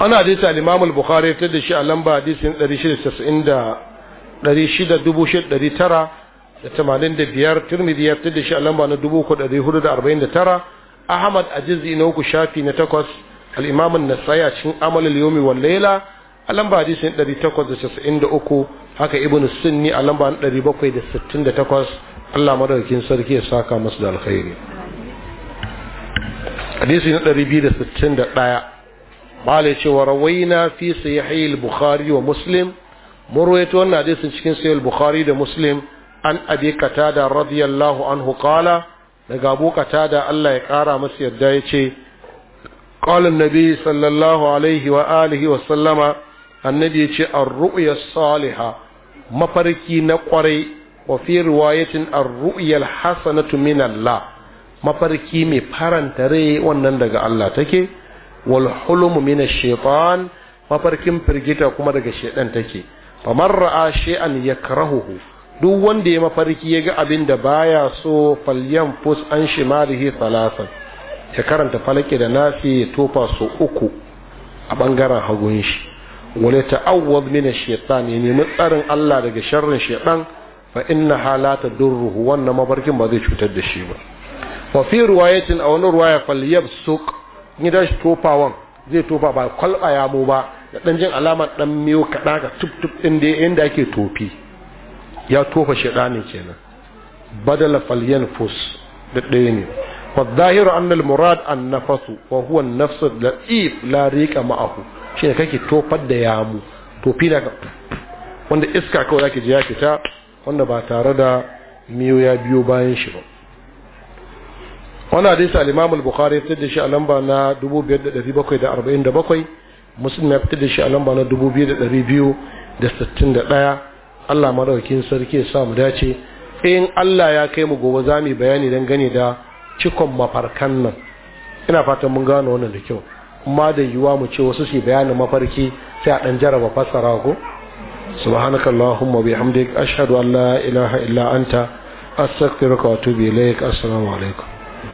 ana dai al bukhari ta da shi a lamba hadisin 690 da 600 da tamanin da biyar tirmidhi ya ta da shi a lamba na dubu uku ɗari da arba'in da tara ahmad a na uku shafi na takwas al'imamin na tsaya cikin amalin yomi wa Layla. a lamba hadisin 893 haka ibn sunni a lamba 768 Allah madaukakin sarki ya saka masu da alkhairi hadisi na ya ce wa rawaina fi sahihi al-bukhari wa muslim murwayatu wannan hadisin cikin sahih al-bukhari da muslim an abi qatada radiyallahu anhu qala daga abu qatada Allah ya kara masa yadda ya ce. qala an-nabi sallallahu alaihi wa alihi wa sallama annabi ya ce ar-ru'ya Saliha mafarki na kwarai wa fi riwayatin ar-ru'ya hasanatu min Allah mafarki mai faranta rai wannan daga Allah take wal hulumu min ash mafarkin firgita kuma daga shaydan take famar ra'a shay'an yakrahuhu duk wanda ya mafarki ya ga abin da baya so falyan fus an shimalihi salasan ya karanta falake da nasi ya tofa so uku a bangaren hagun shi Wani ta'awwad min ash-shaytan ya nemi tsarin Allah daga sharrin shaytan fa inna halata durruhu wannan mabarkin ba zai cutar da shi ba fa fi riwayatin aw waya fal yabsuq ni da shi tofawan zai tofa ba kwalba ya mu ba da dan jin alamar dan miyo kada ka tup tup inda inda ake tofi ya tofa shaytanin kenan badala yanfus da ɗaya ne zahiru an أن wa huwa an nafsu اللطيف la riqa ma'ahu shi da kake tofar da yamu tofi daga wanda iska kawai zaki ji ya fita wanda ba tare da miyo ya biyo bayan shi ba wani hadisi al-imam al-bukhari fitar da shi a lamba na 5747 muslim ya fitar da shi a lamba na 2261 Allah madaukakin sarki ya samu mu dace in Allah ya kai mu gobe za mu bayani gani da cikon mafarkan nan ina fatan mun gano wannan da kyau ma da yiwuwa mu ce wasu su bayanin mafarki sai a dan jaraba fassara ko subhanaka allahumma bihamdik ashhadu an la ilaha illa anta astaghfiruka wa atubu ilaik assalamu alaikum